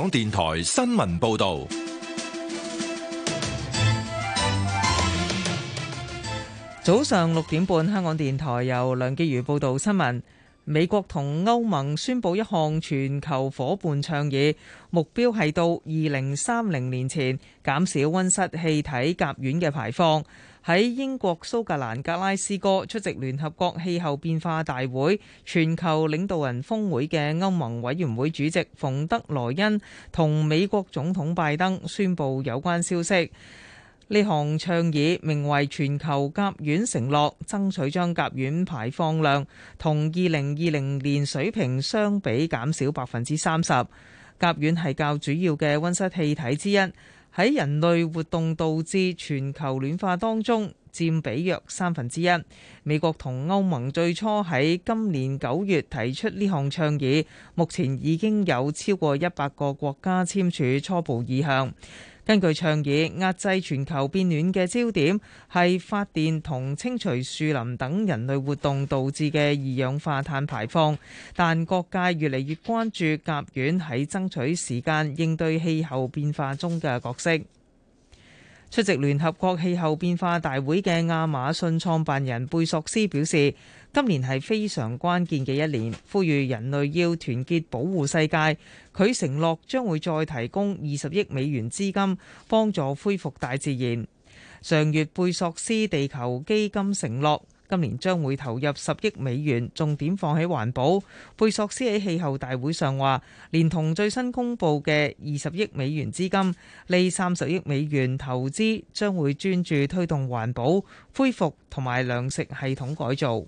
港電台新聞報道，早上六點半，香港電台由梁潔如報道新聞。美國同歐盟宣布一項全球伙伴倡議，目標係到二零三零年前減少温室氣體甲烷嘅排放。喺英國蘇格蘭格拉斯哥出席聯合國氣候變化大會全球領導人峰會嘅歐盟委員會主席馮德萊恩同美國總統拜登宣布有關消息。呢項倡議名為全球甲烷承諾，爭取將甲烷排放量同二零二零年水平相比減少百分之三十。甲烷係較主要嘅温室氣體之一。喺人類活動導致全球暖化當中，佔比約三分之一。美國同歐盟最初喺今年九月提出呢項倡議，目前已經有超過一百個國家簽署初步意向。根據倡議，壓制全球變暖嘅焦點係發電同清除樹林等人類活動導致嘅二氧化碳排放，但各界越嚟越關注甲烷喺爭取時間應對氣候變化中嘅角色。出席聯合國氣候變化大會嘅亞馬遜創辦人貝索斯表示，今年係非常關鍵嘅一年，呼籲人類要團結保護世界。佢承諾將會再提供二十億美元資金，幫助恢復大自然。上月貝索斯地球基金承諾，今年將會投入十億美元，重點放喺環保。貝索斯喺氣候大會上話，連同最新公布嘅二十億美元資金，呢三十億美元投資將會專注推動環保、恢復同埋糧食系統改造。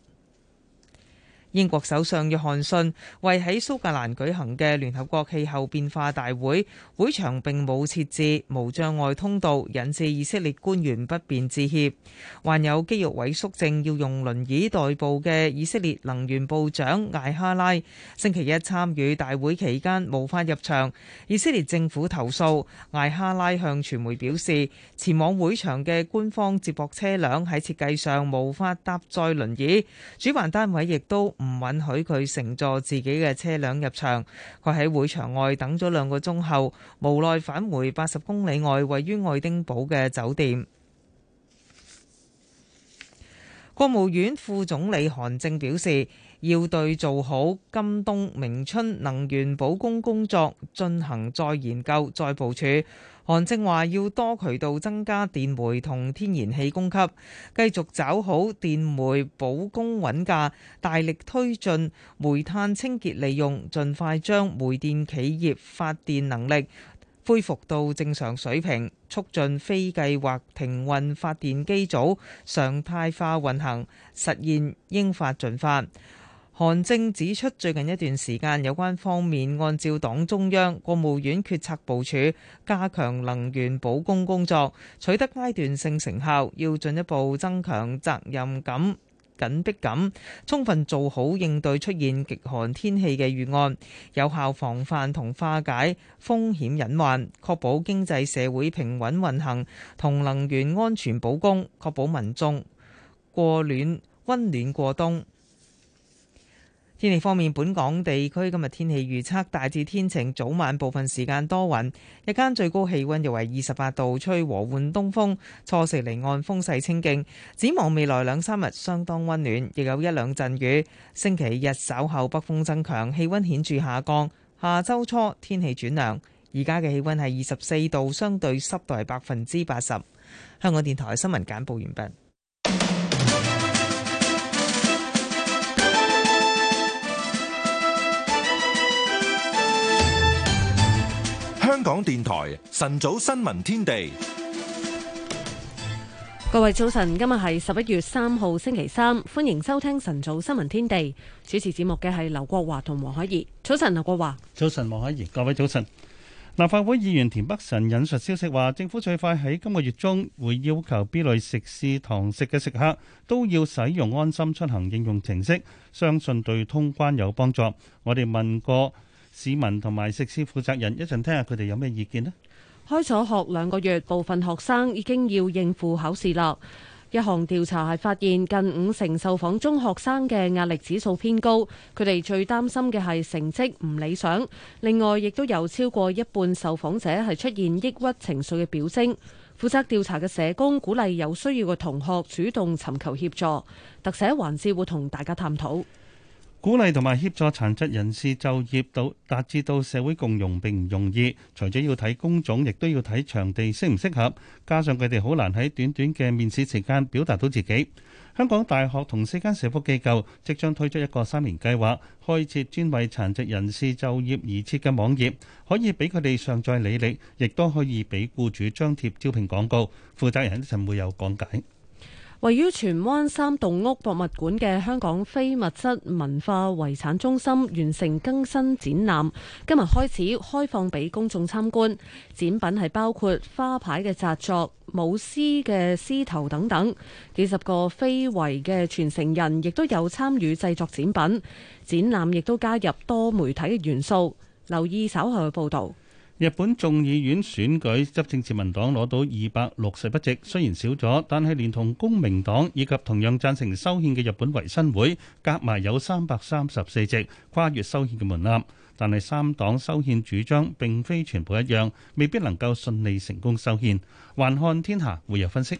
英國首相約翰遜為喺蘇格蘭舉行嘅聯合國氣候變化大會會場並冇設置無障礙通道，引致以色列官員不便致歉。患有肌肉萎縮症要用輪椅代步嘅以色列能源部長艾哈拉，星期一參與大會期間無法入場。以色列政府投訴，艾哈拉向傳媒表示，前往會場嘅官方接駁車輛喺設計上無法搭載輪椅，主辦單位亦都，唔允許佢乘坐自己嘅車輛入場，佢喺會場外等咗兩個鐘後，無奈返回八十公里外位於愛丁堡嘅酒店。國務院副總理韓正表示，要對做好今冬明春能源保供工作進行再研究、再部署。韓正話要多渠道增加電煤同天然氣供給，繼續找好電煤保供穩價，大力推進煤炭清潔利用，盡快將煤電企業發電能力。恢復到正常水平，促進非計劃停運發電機組常態化運行，實現應發盡發。韓正指出，最近一段時間有關方面按照黨中央、國務院決策部署，加強能源保供工作，取得階段性成效，要進一步增強責任感、緊迫感，充分做好應對出現極寒天氣嘅預案，有效防範同化解風險隱患，確保經濟社會平穩運行同能源安全保供，確保民眾過暖，温暖過冬。天氣方面，本港地區今日天氣預測大致天晴，早晚部分時間多雲。日間最高氣溫約為二十八度，吹和緩東風。初時離岸風勢清勁，展望未來兩三日相當温暖，亦有一兩陣雨。星期日稍後北風增強，氣溫顯著下降。下周初天氣轉涼。而家嘅氣溫係二十四度，相對濕度係百分之八十。香港電台新聞簡報完畢。香港電台晨早新聞天地，各位早晨，今日係十一月三號星期三，歡迎收聽晨早新聞天地。主持節目嘅係劉國華同黃海怡。早晨，劉國華。早晨，黃海怡。各位早晨。立法會議員田北辰引述消息話，政府最快喺今個月中會要求 B 類食肆堂食嘅食客都要使用安心出行應用程式，相信對通關有幫助。我哋問過。市民同埋食肆負責人一陣聽下佢哋有咩意見呢？開咗學兩個月，部分學生已經要應付考試啦。一項調查係發現近五成受訪中學生嘅壓力指數偏高，佢哋最擔心嘅係成績唔理想。另外，亦都有超過一半受訪者係出現抑鬱情緒嘅表徵。負責調查嘅社工鼓勵有需要嘅同學主動尋求協助。特寫環節會同大家探討。鼓勵同埋協助殘疾人士就業到達至到社會共融並唔容易，除咗要睇工種，亦都要睇場地適唔適合，加上佢哋好難喺短短嘅面試時間表達到自己。香港大學同四間社福機構即將推出一個三年計劃，開設專為殘疾人士就業而設嘅網頁，可以俾佢哋上載履歷，亦都可以俾僱主張貼招聘廣告。負責人一陣會有講解。位於荃灣三棟屋博物館嘅香港非物質文化遺產中心完成更新展覽，今日開始開放俾公眾參觀。展品係包括花牌嘅紮作、舞獅嘅獅頭等等。幾十個非遺嘅傳承人亦都有參與製作展品。展覽亦都加入多媒體嘅元素。留意稍後嘅報道。日本眾議院選舉，執政自民黨攞到二百六十一席，雖然少咗，但係連同公明黨以及同樣贊成修憲嘅日本維新會，夾埋有三百三十四席，跨越修憲嘅門檻。但係三黨修憲主張並非全部一樣，未必能夠順利成功修憲。環看天下會有分析。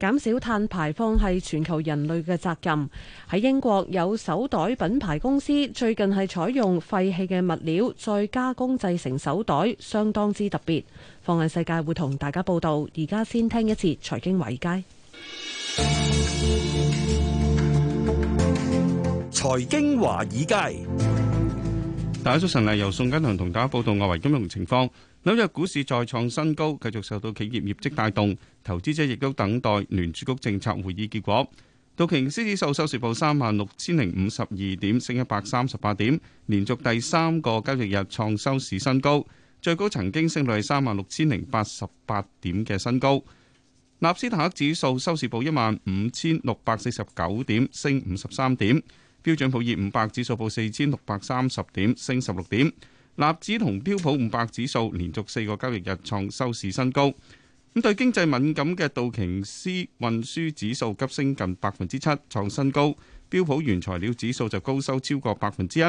減少碳排放係全球人類嘅責任。喺英國有手袋品牌公司最近係採用廢棄嘅物料再加工製成手袋，相當之特別。放眼世界會同大家報道。而家先聽一次財經華爾街。財經華爾街，大家早晨嚟，由宋金良同大家報道外圍金融情況。紐約股市再創新高，繼續受到企業業績帶動，投資者亦都等待聯儲局政策會議結果。道瓊斯指數收市報三萬六千零五十二點，升一百三十八點，連續第三個交易日創收市新高，最高曾經升到係三萬六千零八十八點嘅新高。納斯達克指數收市報一萬五千六百四十九點，升五十三點。標準普爾五百指數報四千六百三十點，升十六點。納指同標普五百指數連續四個交易日創收市新高。咁對經濟敏感嘅道瓊斯運輸指數急升近百分之七，創新高。標普原材料指數就高收超過百分之一，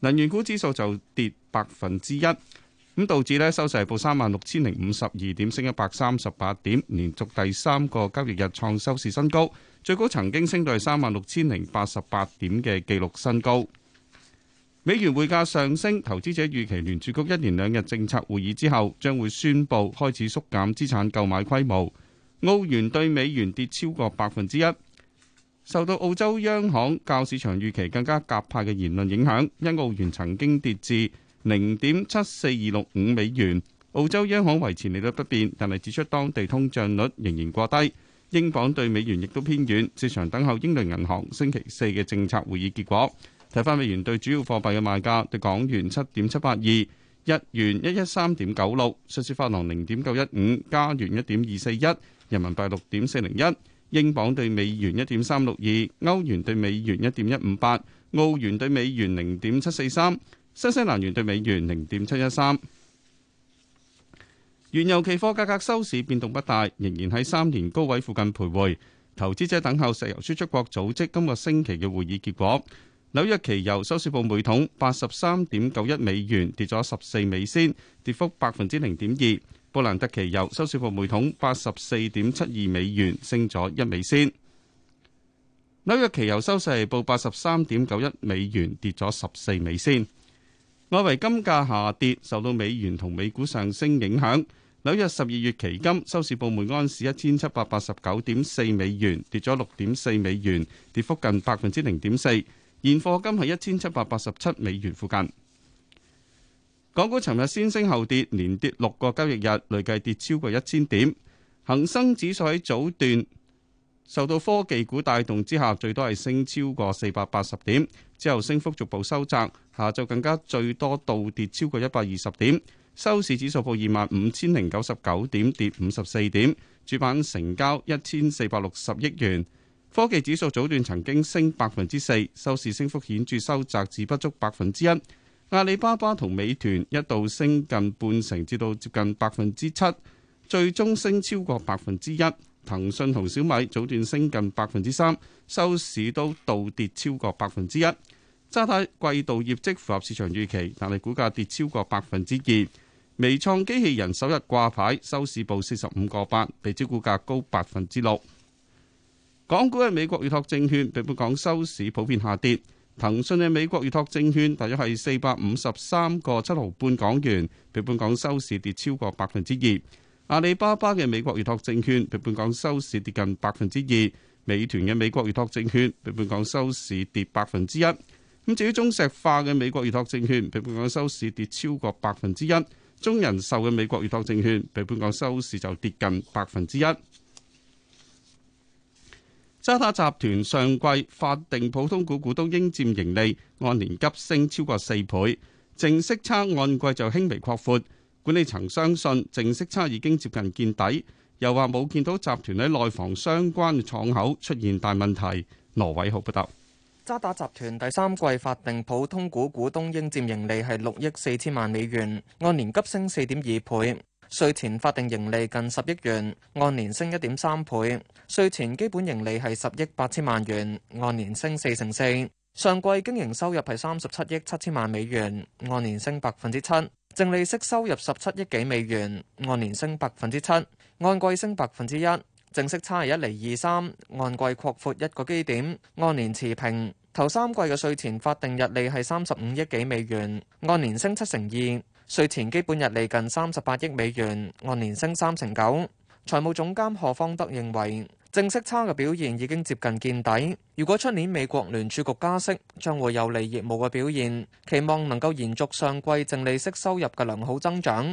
能源股指數就跌百分之一。咁導致呢收市係報三萬六千零五十二點，升一百三十八點，連續第三個交易日創收市新高，最高曾經升到係三萬六千零八十八點嘅紀錄新高。美元匯價上升，投資者預期聯儲局一連兩日政策會議之後，將會宣布開始縮減資產購買規模。澳元對美元跌超過百分之一，受到澳洲央行較市場預期更加鴿派嘅言論影響。因澳元曾經跌至零點七四二六五美元，澳洲央行維持利率不變，但係指出當地通脹率仍然過低。英鎊對美元亦都偏軟，市場等候英倫銀行星期四嘅政策會議結果。睇翻美元對主要貨幣嘅賣價，對港元七點七八二，日元一一三點九六，瑞士法郎零點九一五，加元一點二四一，人民幣六點四零一，英鎊對美元一點三六二，歐元對美元一點一五八，澳元對美元零點七四三，新西蘭元對美元零點七一三。原油期貨價格收市變動不大，仍然喺三年高位附近徘徊。投資者等候石油輸出國組織今個星期嘅會議結果。紐約期油收市報每桶八十三點九一美元，跌咗十四美仙，跌幅百分之零點二。布蘭特期油收市報每桶八十四點七二美元，升咗一美仙。紐約期油收市報八十三點九一美元，跌咗十四美仙。外圍金價下跌，受到美元同美股上升影響。紐約十二月期金收市報每安士一千七百八十九點四美元，跌咗六點四美元，跌幅近百分之零點四。現貨金係一千七百八十七美元附近。港股尋日先升後跌，連跌六個交易日，累計跌超過一千點。恒生指數喺早段受到科技股帶動之下，最多係升超過四百八十點，之後升幅逐步收窄。下晝更加最多倒跌超過一百二十點，收市指數報二萬五千零九十九點，跌五十四點。主板成交一千四百六十億元。科技指數早段曾經升百分之四，收市升幅顯著收窄至不足百分之一。阿里巴巴同美團一度升近半成，至到接近百分之七，最終升超過百分之一。騰訊同小米早段升近百分之三，收市都倒跌超過百分之一。渣打季度業績符合市場預期，但係股價跌超過百分之二。微創機器人首日掛牌，收市報四十五個八，比招股價高百分之六。港股嘅美國預託證券，俾本港收市普遍下跌。騰訊嘅美國預託證券大約係四百五十三個七毫半港元，俾本港收市跌超過百分之二。阿里巴巴嘅美國預託證券，俾本港收市跌近百分之二。美團嘅美國預託證券，俾本港收市跌百分之一。咁至於中石化嘅美國預託證券，俾本港收市跌超過百分之一。中人壽嘅美國預託證券，俾本港收市就跌近百分之一。.渣打集團上季法定普通股股東應佔盈利按年急升超過四倍，淨息差按季就輕微擴闊。管理層相信淨息差已經接近見底，又話冇見到集團喺內房相關嘅敞口出現大問題。羅偉豪報道：渣打集團第三季法定普通股股東應佔盈利係六億四千萬美元，按年急升四點二倍。稅前法定盈利近十億元，按年升一點三倍；稅前基本盈利係十億八千萬元，按年升四成四。上季經營收入係三十七億七千萬美元，按年升百分之七；淨利息收入十七億幾美元，按年升百分之七，按季升百分之一；淨息差係一厘二三，按季擴闊一個基點，按年持平。頭三季嘅稅前法定日利係三十五億幾美元，按年升七成二。稅前基本溢利近三十八億美元，按年升三成九。財務總監何方德認為，淨息差嘅表現已經接近見底。如果出年美國聯儲局加息，將會有利業務嘅表現，期望能夠延續上季淨利息收入嘅良好增長。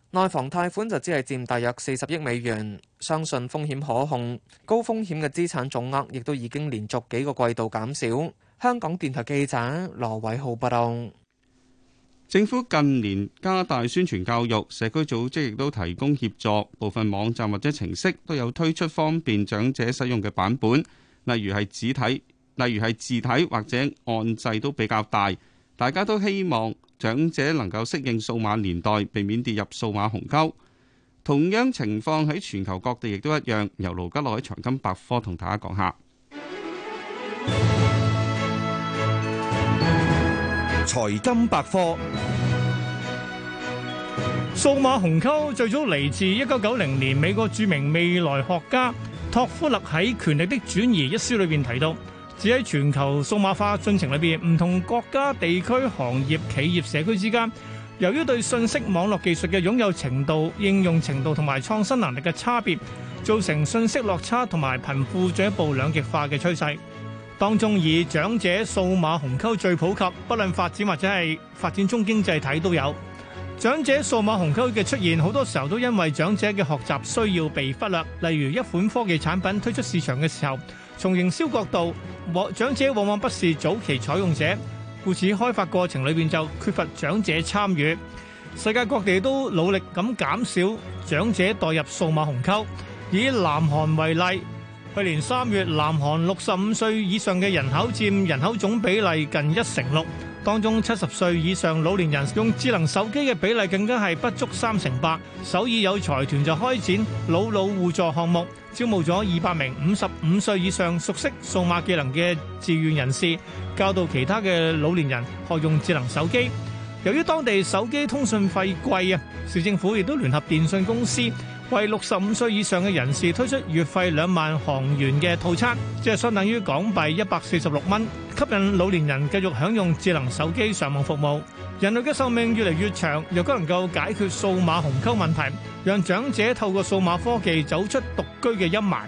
內房貸款就只係佔大約四十億美元，相信風險可控。高風險嘅資產總額亦都已經連續幾個季度減少。香港電台記者羅偉浩報道。政府近年加大宣傳教育，社區組織亦都提供協助。部分網站或者程式都有推出方便長者使用嘅版本，例如係字體，例如係字體或者按掣都比較大。大家都希望，長者能夠適應數碼年代，避免跌入數碼鴻溝。同樣情況喺全球各地亦都一樣。由盧吉洛喺財金百科，同大家講下。財金百科，數碼鴻溝最早嚟自，一九九零年美國著名未來學家托夫勒，喺《權力的轉移》一書裏邊提到。只喺全球數碼化進程裏邊，唔同國家、地區行業、企業、社區之間，由於對信息網絡技術嘅擁有程度、應用程度同埋創新能力嘅差別造成信息落差同埋貧富進一步兩極化嘅趨勢，當中以長者數碼鴻溝最普及，不論發展或者係發展中經濟體都有長者數碼鴻溝嘅出現。好多時候都因為長者嘅學習需要被忽略，例如一款科技產品推出市場嘅時候。從營銷角度，和長者往往不是早期採用者，故此開發過程裏邊就缺乏長者參與。世界各地都努力咁減少長者墜入數碼鴻溝。以南韓為例，去年三月南韓六十五歲以上嘅人口佔人口總比例近一成六。當中七十歲以上老年人用智能手機嘅比例更加係不足三成八。首爾有財團就開展老老互助項目，招募咗二百名五十五歲以上熟悉數碼技能嘅志願人士，教導其他嘅老年人學用智能手機。由於當地手機通訊費貴啊，市政府亦都聯合電信公司。為六十五歲以上嘅人士推出月費兩萬韓元嘅套餐，即係相當於港幣一百四十六蚊，吸引老年人繼續享用智能手機上網服務。人類嘅壽命越嚟越長，若果能夠解決數碼鴻溝問題，讓長者透過數碼科技走出獨居嘅陰霾，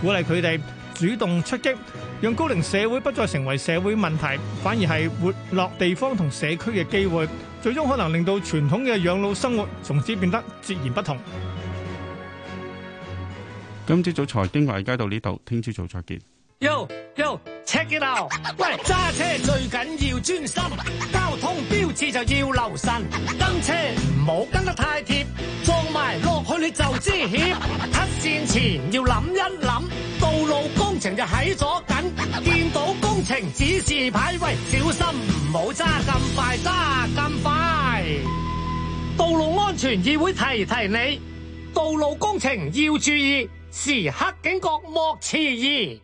鼓勵佢哋主動出擊，讓高齡社會不再成為社會問題，反而係活落地方同社區嘅機會，最終可能令到傳統嘅養老生活從此變得截然不同。今朝早財經華爾街到呢度，聽朝早再見。喲喲，check it out！喂，揸車最緊要專心，交通標誌就要留神，跟車唔好跟得太貼，撞埋落去你就知險。出線前要諗一諗，道路工程就喺左近，見到工程指示牌，喂，小心，唔好揸咁快，揸咁快。道路安全議會提提你，道路工程要注意。時刻警覺莫遲疑，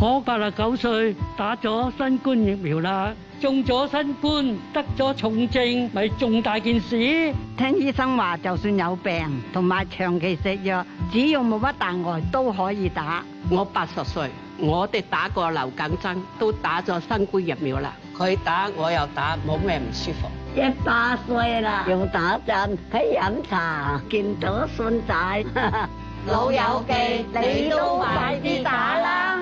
我八十九歲打咗新冠疫苗啦，中咗新冠得咗重症咪重大件事。聽醫生話，就算有病同埋長期食藥，只要冇乜大礙都可以打。我八十歲，我哋打過流感針，都打咗新冠疫苗啦。佢打我又打，冇咩唔舒服。一百歲啦，用打針去飲茶，見到孫仔。老友記，你都快啲打啦！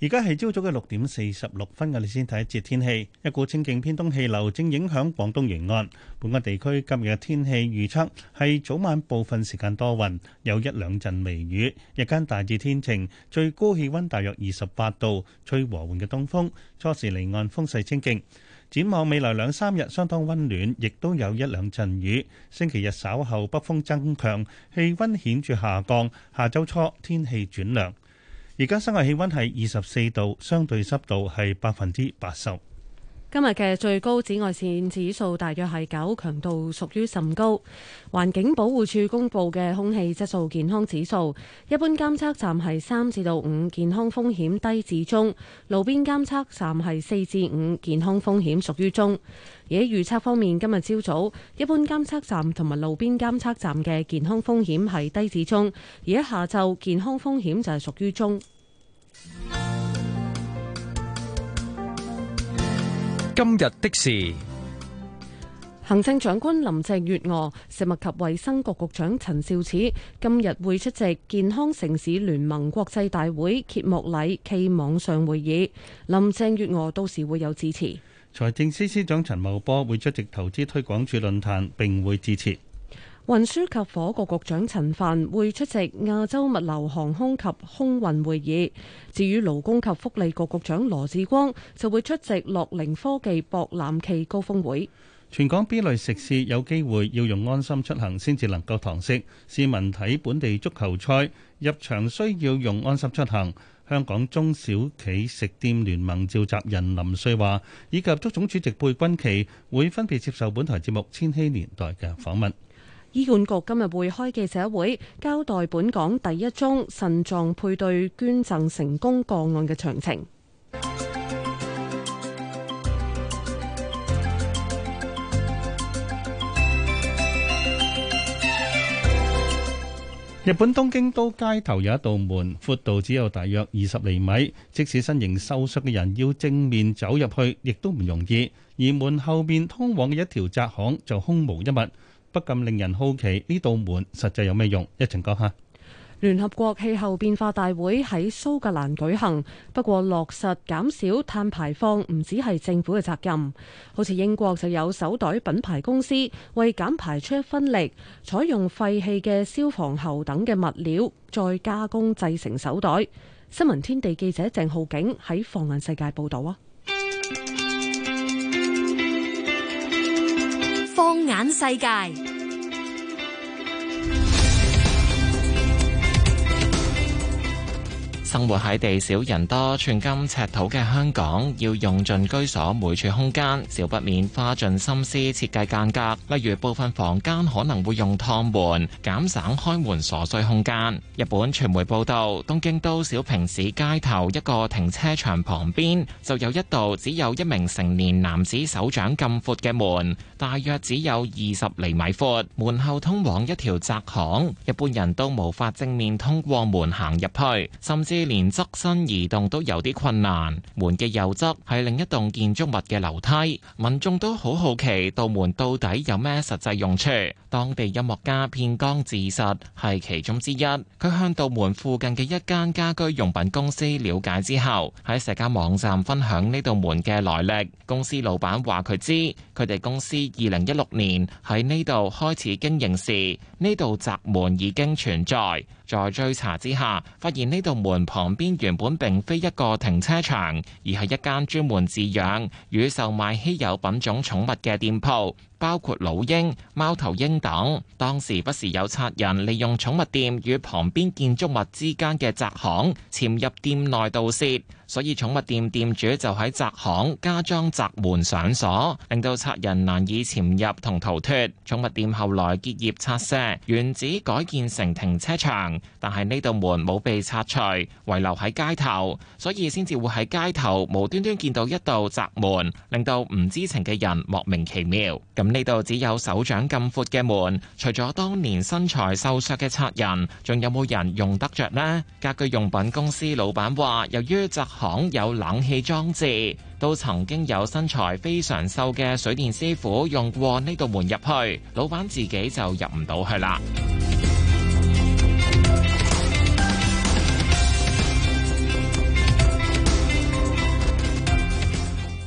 而家係朝早嘅六點四十六分嘅，你先睇一節天氣。一股清勁偏東氣流正影響廣東沿岸，本港地區今日嘅天氣預測係早晚部分時間多雲，有一兩陣微雨，日間大致天晴，最高氣溫大約二十八度，吹和緩嘅東風，初時離岸風勢清勁。展望未來兩三日相當温暖，亦都有一兩陣雨。星期日稍後北風增強，氣温顯著下降。下周初天氣轉涼。而家室外氣温係二十四度，相對濕度係百分之八十。今日嘅最高紫外線指數大約係九，強度屬於甚高。環境保護署公布嘅空氣質素健康指數，一般監測站係三至到五，健康風險低至中；路邊監測站係四至五，健康風險屬於中。而喺預測方面，今日朝早一般監測站同埋路邊監測站嘅健康風險係低至中，而喺下晝健康風險就係屬於中。今日的事，行政長官林鄭月娥、食物及衛生局局長陳肇始,今日會出席健康城市聯盟國際大會揭幕禮暨網上會議，林鄭月娥到時會有致辭。財政司司長陳茂波會出席投資推廣處論壇，並會致辭。運輸及房屋局局長陳帆會出席亞洲物流、航空及空運會議。至於勞工及福利局局長羅致光就會出席樂齡科技博覽暨高峰會。全港 B 類食肆有機會要用安心出行先至能夠堂食。市民睇本地足球賽入場需要用安心出行。香港中小企食店聯盟召集人林瑞華，以及足總主席貝君奇會分別接受本台節目《千禧年代》嘅訪問。醫管局今日會開記者會，交代本港第一宗腎臟配對捐贈成功個案嘅詳情。日本東京都街頭有一道門，闊度只有大約二十厘米，即使身形瘦削嘅人要正面走入去，亦都唔容易。而門後面通往嘅一條窄巷就空無一物。不禁令人好奇呢道門實際有咩用？一陣講下。聯合國氣候變化大會喺蘇格蘭舉行，不過落實減少碳排放唔止係政府嘅責任。好似英國就有手袋品牌公司為減排出一分力，採用廢棄嘅消防喉等嘅物料再加工製成手袋。新聞天地記者鄭浩景喺放眼世界報道啊！放眼世界。生活喺地少人多寸金尺土嘅香港，要用盡居所每處空間，少不免花盡心思設計間隔。例如部分房間可能會用趟門，減省開門所需空間。日本傳媒報道，東京都小平市街頭一個停車場旁邊就有一道只有一名成年男子手掌咁闊嘅門，大約只有二十釐米闊，門後通往一條窄巷，一般人都無法正面通過門行入去，甚至，連側身移動都有啲困難。門嘅右側係另一棟建築物嘅樓梯，民眾都好好奇道門到底有咩實際用處。當地音樂家片岡自實係其中之一。佢向道門附近嘅一間家，家居用品公司了解之後，喺社交網站分享呢道門嘅來歷。公司老闆話佢知，佢哋公司二零一六年喺呢度開始經營時，呢道閘門已經存在。在追查之下，發現呢道門旁邊原本並非一個停車場，而係一間專門飼養與售賣稀有品種寵物嘅店鋪。包括老鷹貓頭鷹等。當時不時有賊人利用寵物店與旁邊建築物之間嘅窄巷潛入店內盜竊，所以寵物店店主就喺窄巷加裝窄門上鎖，令到賊人難以潛入同逃脫。寵物店後來結業拆卸，原址改建成停車場，但係呢道門冇被拆除，遺留喺街頭，所以先至會喺街頭無端端見到一道窄門，令到唔知情嘅人莫名其妙。呢度只有手掌咁闊嘅門，除咗當年身材瘦削嘅賊人，仲有冇人用得着呢？家具用品公司老闆話，由於窄巷有冷氣裝置，都曾經有身材非常瘦嘅水電師傅用過呢道門入去，老闆自己就入唔到去啦。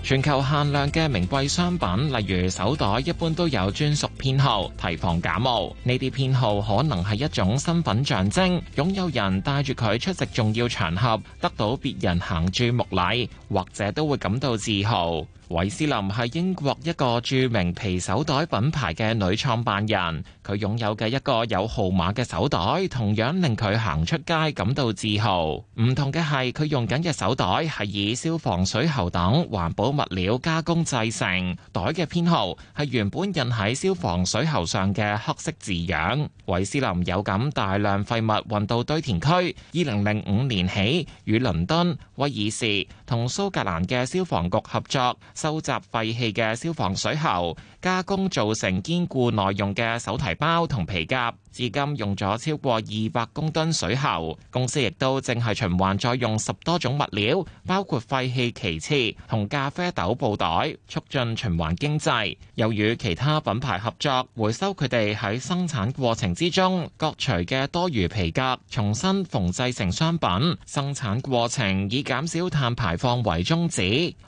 全球限量嘅名貴商品，例如手袋，一般都有專屬編號，提防假冒。呢啲編號可能係一種身份象徵，擁有人帶住佢出席重要場合，得到別人行注目禮，或者都會感到自豪。韋斯林係英國一個著名皮手袋品牌嘅女創辦人，佢擁有嘅一個有號碼嘅手袋，同樣令佢行出街感到自豪。唔同嘅係，佢用緊嘅手袋係以消防水喉等環保物料加工製成，袋嘅編號係原本印喺消防水喉上嘅黑色字樣。韋斯林有感大量廢物運到堆填區，二零零五年起與倫敦、威爾士同蘇格蘭嘅消防局合作。收集廢棄嘅消防水喉，加工做成堅固耐用嘅手提包同皮夾。至今用咗超過二百公噸水喉，公司亦都淨係循環再用十多種物料，包括廢棄旗幟同咖啡豆布袋，促進循環經濟。又與其他品牌合作，回收佢哋喺生產過程之中割除嘅多餘皮革，重新縫製成商品。生產過程以減少碳排放為宗旨。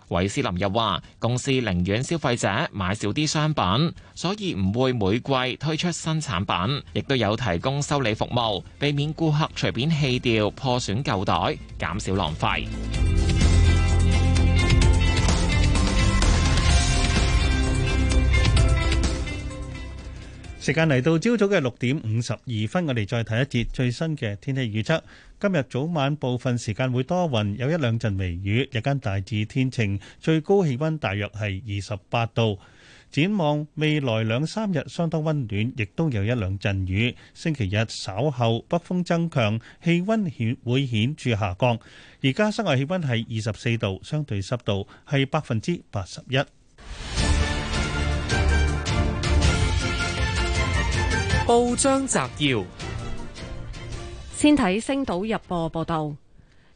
維斯林又話：公司寧願消費者買少啲商品，所以唔會每季推出新產品，都有提供修理服務，避免顧客隨便棄掉破損舊袋，減少浪費。時間嚟到朝早嘅六點五十二分，我哋再睇一節最新嘅天氣預測。今日早晚部分時間會多雲，有一兩陣微雨，日間大致天晴，最高氣溫大約係二十八度。展望未來兩三日相當温暖，亦都有一兩陣雨。星期日稍後北風增強，氣温顯會顯著下降。而家室外氣温係二十四度，相對濕度係百分之八十一。報章摘要，先睇《星島日報》報道。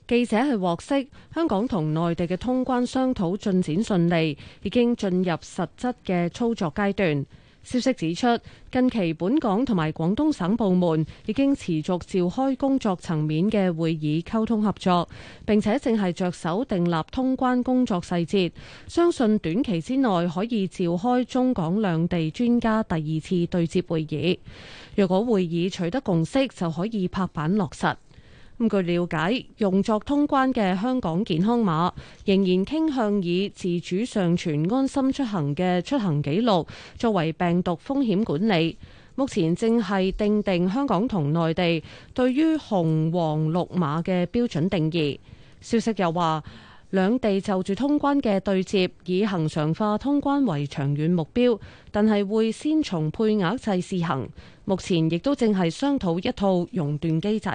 記者係獲悉，香港同內地嘅通關商討進展順利，已經進入實質嘅操作階段。消息指出，近期本港同埋廣東省部門已經持續召開工作層面嘅會議溝通合作，並且正係着手訂立通關工作細節。相信短期之內可以召開中港兩地專家第二次對接會議。若果會議取得共識，就可以拍板落實。咁據了解，用作通關嘅香港健康碼仍然傾向以自主上傳安心出行嘅出行記錄作為病毒風險管理。目前正係訂定香港同內地對於紅黃綠碼嘅標準定義。消息又話，兩地就住通關嘅對接，以恒常化通關為長遠目標，但係會先從配額制試行。目前亦都正係商討一套熔斷機制。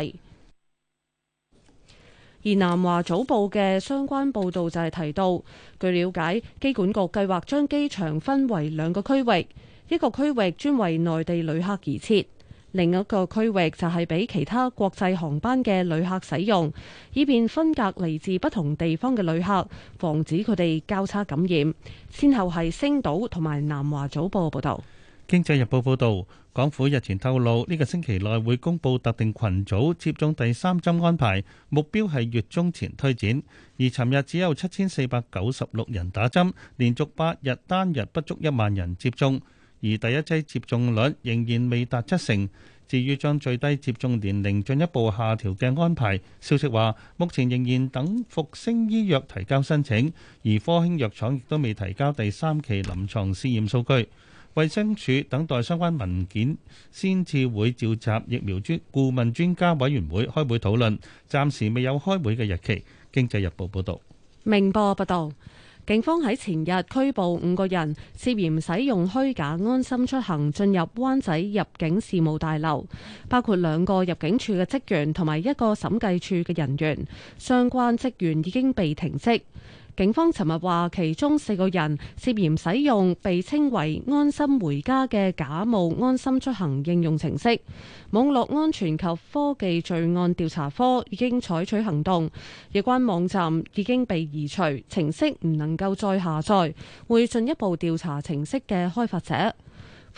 而南華早報嘅相關報道就係提到，據了解，機管局計劃將機場分為兩個區域，一個區域專為內地旅客而設，另一個區域就係俾其他國際航班嘅旅客使用，以便分隔嚟自不同地方嘅旅客，防止佢哋交叉感染。先後係星島同埋南華早報報道。經濟日報報導，港府日前透露，呢個星期內會公佈特定群組接種第三針安排，目標係月中前推展。而尋日只有七千四百九十六人打針，連續八日單日不足一萬人接種，而第一劑接種率仍然未達七成。至於將最低接種年齡進一步下調嘅安排，消息話目前仍然等復星醫藥提交申請，而科興藥廠亦都未提交第三期臨床試驗數據。衛生署等待相關文件，先至會召集疫苗專顧問專家委員會開會討論，暫時未有開會嘅日期。經濟日報報道。明報報道，警方喺前日拘捕五個人，涉嫌使用虛假安心出行進入灣仔入境事務大樓，包括兩個入境處嘅職員同埋一個審計處嘅人員，相關職員已經被停職。警方尋日話，其中四個人涉嫌使用被稱為「安心回家」嘅假冒安心出行應用程式。網絡安全及科技罪案調查科已經採取行動，有關網站已經被移除，程式唔能夠再下載，會進一步調查程式嘅開發者。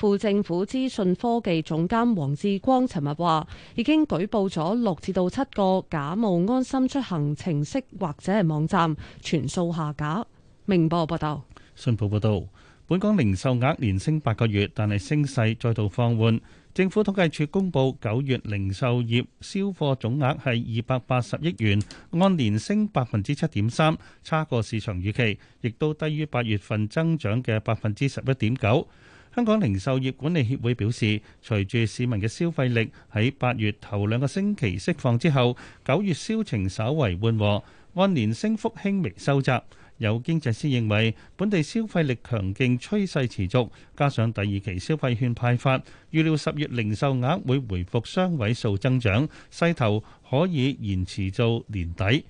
副政府資訊科技總監黃志光尋日話，已經舉報咗六至到七個假冒安心出行程式或者係網站，全數下架。明報報道，信報報道，本港零售額連升八個月，但係升勢再度放緩。政府統計處公布九月零售業銷貨總額係二百八十億元，按年升百分之七點三，差過市場預期，亦都低於八月份增長嘅百分之十一點九。香港零售業管理協會表示，隨住市民嘅消費力喺八月頭兩個星期釋放之後，九月銷情稍為緩和，按年升幅輕微收窄。有經濟師認為，本地消費力強勁趨勢持續，加上第二期消費券派發，預料十月零售額會回復雙位數增長，勢頭可以延遲到年底。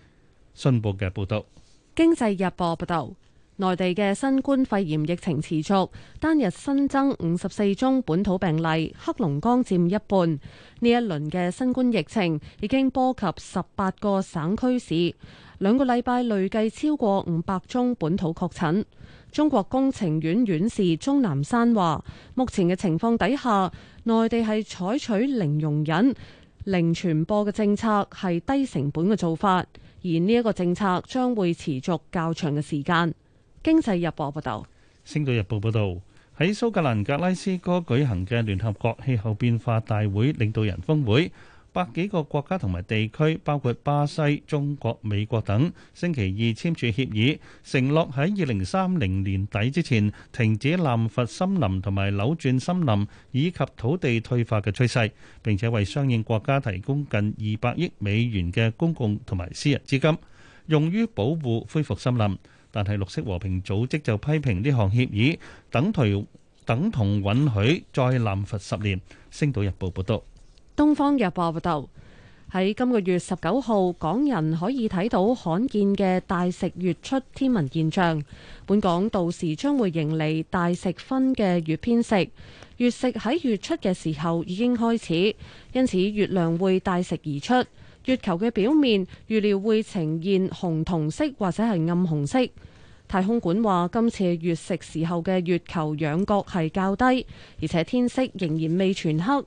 信報嘅報道，《經濟日報》報道。內地嘅新冠肺炎疫情持續，單日新增五十四宗本土病例，黑龍江佔一半。呢一輪嘅新冠疫情已經波及十八個省區市，兩個禮拜累計超過五百宗本土確診。中國工程院院士鍾南山話，目前嘅情況底下，內地係採取零容忍、零傳播嘅政策，係低成本嘅做法，而呢一個政策將會持續較長嘅時間。經濟日報報道，星島日報報道，喺蘇格蘭格拉斯哥舉行嘅聯合國氣候變化大會領導人峰會，百幾個國家同埋地區，包括巴西、中國、美國等，星期二簽署協議，承諾喺二零三零年底之前停止濫伐森林同埋扭轉森林以及土地退化嘅趨勢，並且為相應國家提供近二百億美元嘅公共同埋私人資金，用於保護恢復森林。但係，綠色和平組織就批評呢項協議等同等同允許再濫伐十年。星島日報報道。東方日報報道，喺今個月十九號，港人可以睇到罕見嘅大食月出天文現象。本港到時將會迎嚟大食分嘅月偏食，月食喺月出嘅時候已經開始，因此月亮會大食而出。月球嘅表面預料會呈現紅銅色或者係暗紅色。太空館話今次月食時候嘅月球仰角係較低，而且天色仍然未全黑，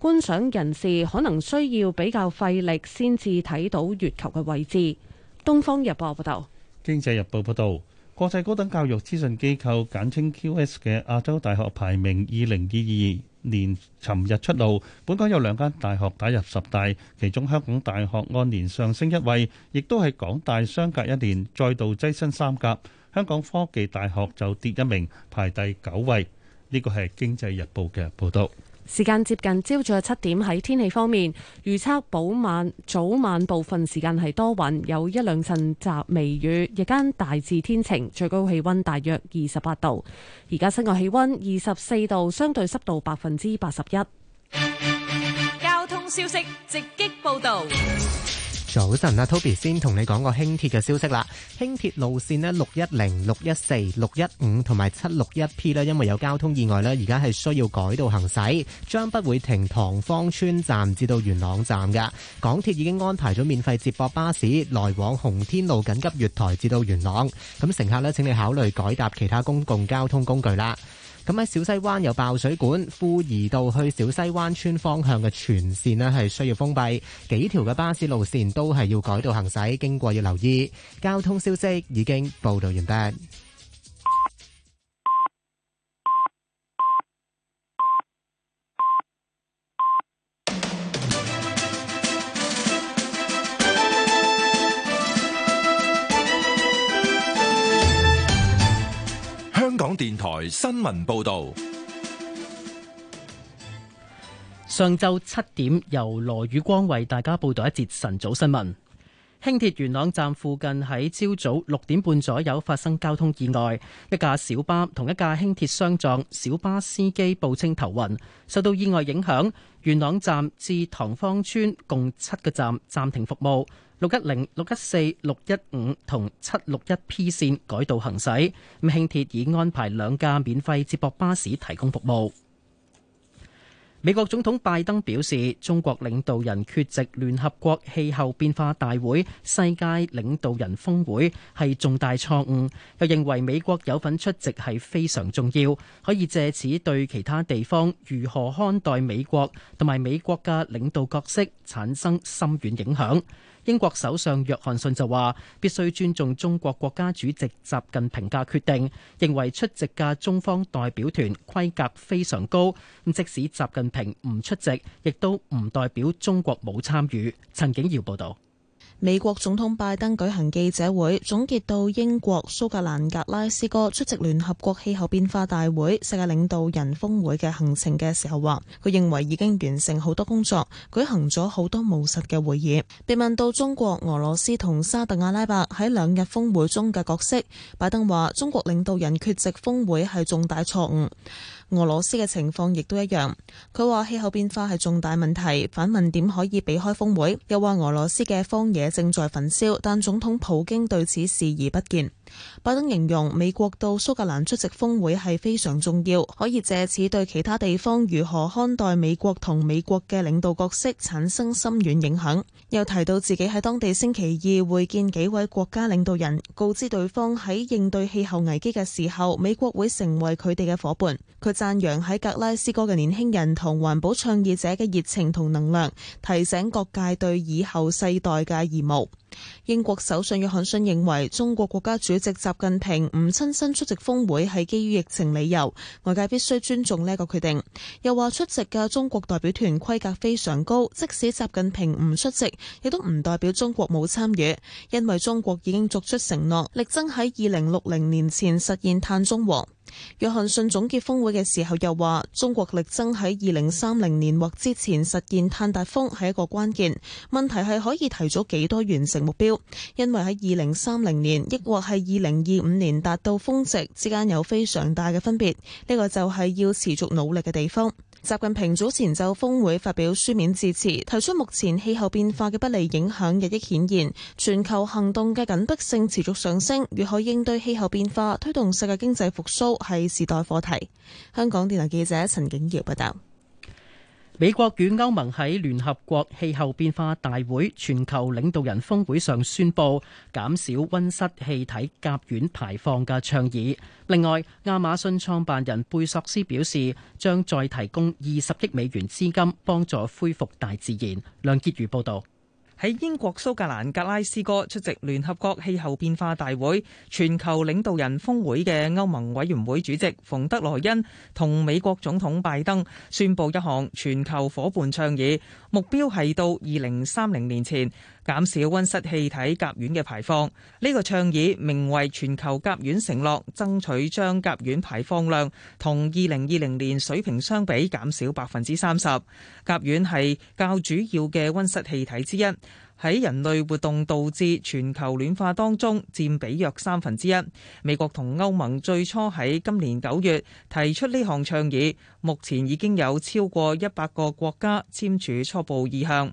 觀賞人士可能需要比較費力先至睇到月球嘅位置。《東方日報》報道，《經濟日報》報道，國際高等教育資訊機構簡稱 QS 嘅亞洲大學排名二零二二年尋日出爐，本港有兩間大學打入十大，其中香港大學按年上升一位，亦都係港大相隔一年再度躋身三甲。香港科技大學就跌一名，排第九位。呢個係《經濟日報》嘅報導。時間接近朝早嘅七點，喺天氣方面預測本港，早晚部分時間係多雲，有一兩陣雜微雨，日間大致天晴，最高氣溫大約二十八度。而家室外氣溫二十四度，相對濕度百分之八十一。交通消息直擊報道。早晨啊，Toby 先同你講個輕鐵嘅消息啦。輕鐵路綫呢，六一零、六一四、六一五同埋七六一 P 呢，因為有交通意外呢，而家係需要改道行駛，將不會停塘坊村站至到元朗站嘅。港鐵已經安排咗免費接駁巴士來往洪天路緊急月台至到元朗。咁乘客呢，請你考慮改搭其他公共交通工具啦。咁喺小西灣有爆水管，富怡道去小西灣村方向嘅全線咧係需要封閉，幾條嘅巴士路線都係要改道行駛，經過要留意。交通消息已經報導完畢。香港電台新聞報道，上晝七點由羅宇光為大家報道一節晨早新聞。輕鐵元朗站附近喺朝早六點半左右發生交通意外，一架小巴同一架輕鐵相撞，小巴司機報稱頭暈，受到意外影響，元朗站至塘坊村共七個站暫停服務。六一零、六一四、六一五同七六一 P 線改道行駛。咁輕鐵已安排兩架免費接駁巴士提供服務。美國總統拜登表示，中國領導人缺席聯合國氣候變化大會、世界領導人峰會係重大錯誤，又認為美國有份出席係非常重要，可以借此對其他地方如何看待美國同埋美國嘅領導角色產生深遠影響。英國首相約翰遜就話，必須尊重中國國家主席習近平嘅決定，認為出席嘅中方代表團規格非常高，咁即使習近平唔出席，亦都唔代表中國冇參與。陳景耀報道。美國總統拜登舉行記者會，總結到英國蘇格蘭格拉斯哥出席聯合國氣候變化大會、世界領導人峰會嘅行程嘅時候說，話佢認為已經完成好多工作，舉行咗好多務實嘅會議。被問到中國、俄羅斯同沙特阿拉伯喺兩日峰會中嘅角色，拜登話中國領導人缺席峰會係重大錯誤。俄羅斯嘅情況亦都一樣。佢話氣候變化係重大問題，反問點可以避開峰會？又話俄羅斯嘅荒野正在焚燒，但總統普京對此視而不見。拜登形容美國到蘇格蘭出席峰會係非常重要，可以借此對其他地方如何看待美國同美國嘅領導角色產生深遠影響。又提到自己喺當地星期二會見幾位國家領導人，告知對方喺應對氣候危機嘅時候，美國會成為佢哋嘅夥伴。佢讚揚喺格拉斯哥嘅年輕人同環保倡議者嘅熱情同能量，提醒各界對以後世代嘅義務。英國首相約翰遜認為中國國家主席習近平唔親身出席峰會係基於疫情理由，外界必須尊重呢個決定。又話出席嘅中國代表團規格非常高，即使習近平唔出席，亦都唔代表中國冇參與，因為中國已經作出承諾，力爭喺二零六零年前實現碳中和。約翰遜總結峰會嘅時候又話，中國力爭喺二零三零年或之前實現碳達峰係一個關鍵，問題係可以提早幾多完成目標，因為喺二零三零年，抑或係二零二五年達到峰值之間有非常大嘅分別，呢個就係要持續努力嘅地方。習近平早前就峰會發表書面致辭，提出目前氣候變化嘅不利影響日益顯現，全球行動嘅緊迫性持續上升，如何應對氣候變化、推動世界經濟復蘇係時代課題。香港電台記者陳景瑤報道。美國與歐盟喺聯合國氣候變化大會全球領導人峰會上宣布減少温室氣體甲烷排放嘅倡議。另外，亞馬遜創辦人貝索斯表示，將再提供二十億美元資金幫助恢復大自然。梁潔如報導。喺英國蘇格蘭格拉斯哥出席聯合國氣候變化大會全球領導人峰會嘅歐盟委員會主席馮德萊恩同美國總統拜登宣佈一項全球伙伴倡議，目標係到二零三零年前，減少溫室氣體甲烷嘅排放，呢個倡議名為全球甲烷承諾，爭取將甲烷排放量同2020年水平相比減少百分之三十。甲烷係較主要嘅溫室氣體之一，喺人類活動導致全球暖化當中佔比約三分之一。美國同歐盟最初喺今年九月提出呢項倡議。目前已經有超過一百個國家簽署初步意向。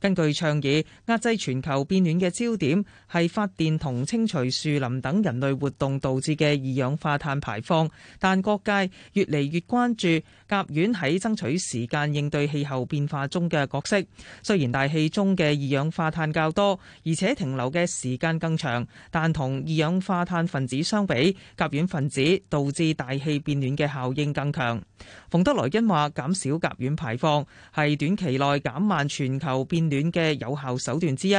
根據倡議，壓制全球變暖嘅焦點係發電同清除樹林等人類活動導致嘅二氧化碳排放。但各界越嚟越關注甲烷喺爭取時間應對氣候變化中嘅角色。雖然大氣中嘅二氧化碳較多，而且停留嘅時間更長，但同二氧化碳分子相比，甲烷分子導致大氣變暖嘅效應更強。馮德萊恩話：減少甲烷排放係短期內減慢全球變暖嘅有效手段之一，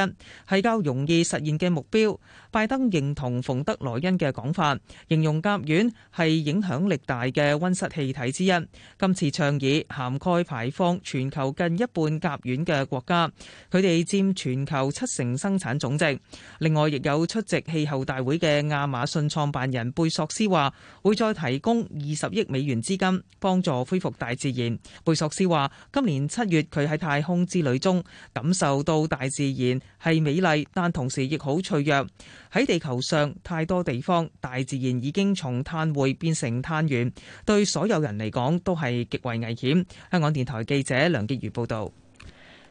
係較容易實現嘅目標。拜登認同馮德萊恩嘅講法，形容甲烷係影響力大嘅溫室氣體之一。今次倡議涵蓋排放全球近一半甲烷嘅國家，佢哋佔全球七成生產總值。另外，亦有出席氣候大會嘅亞馬遜創辦人貝索斯話，會再提供二十億美元資金，幫助恢復大自然。貝索斯話：今年七月佢喺太空之旅中感受到大自然係美麗，但同時亦好脆弱。喺地球上太多地方，大自然已經從碳匯變成碳源，對所有人嚟講都係極為危險。香港電台記者梁潔如報道。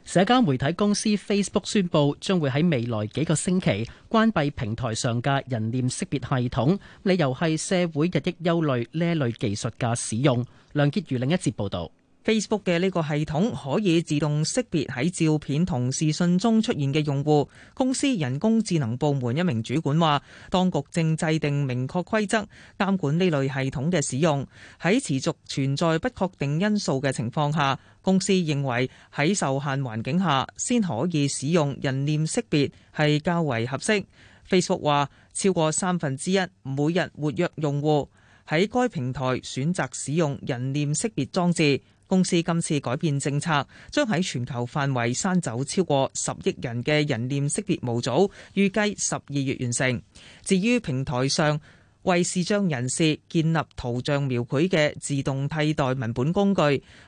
社交媒體公司 Facebook 宣佈將會喺未來幾個星期關閉平台上嘅人臉識別系統，理由係社會日益憂慮呢一類技術嘅使用。梁潔如另一節報道。Facebook 嘅呢個系統可以自動識別喺照片同視訊中出現嘅用戶。公司人工智能部門一名主管話，當局正制定明確規則監管呢類系統嘅使用。喺持續存在不確定因素嘅情況下，公司認為喺受限環境下先可以使用人臉識別係較為合適。Facebook 話，超過三分之一每日活躍用戶喺該平台選擇使用人臉識別裝置。公司今次改變政策，將喺全球範圍刪走超過十億人嘅人臉識別模組，預計十二月完成。至於平台上，為視障人士建立圖像描繪嘅自動替代文本工具，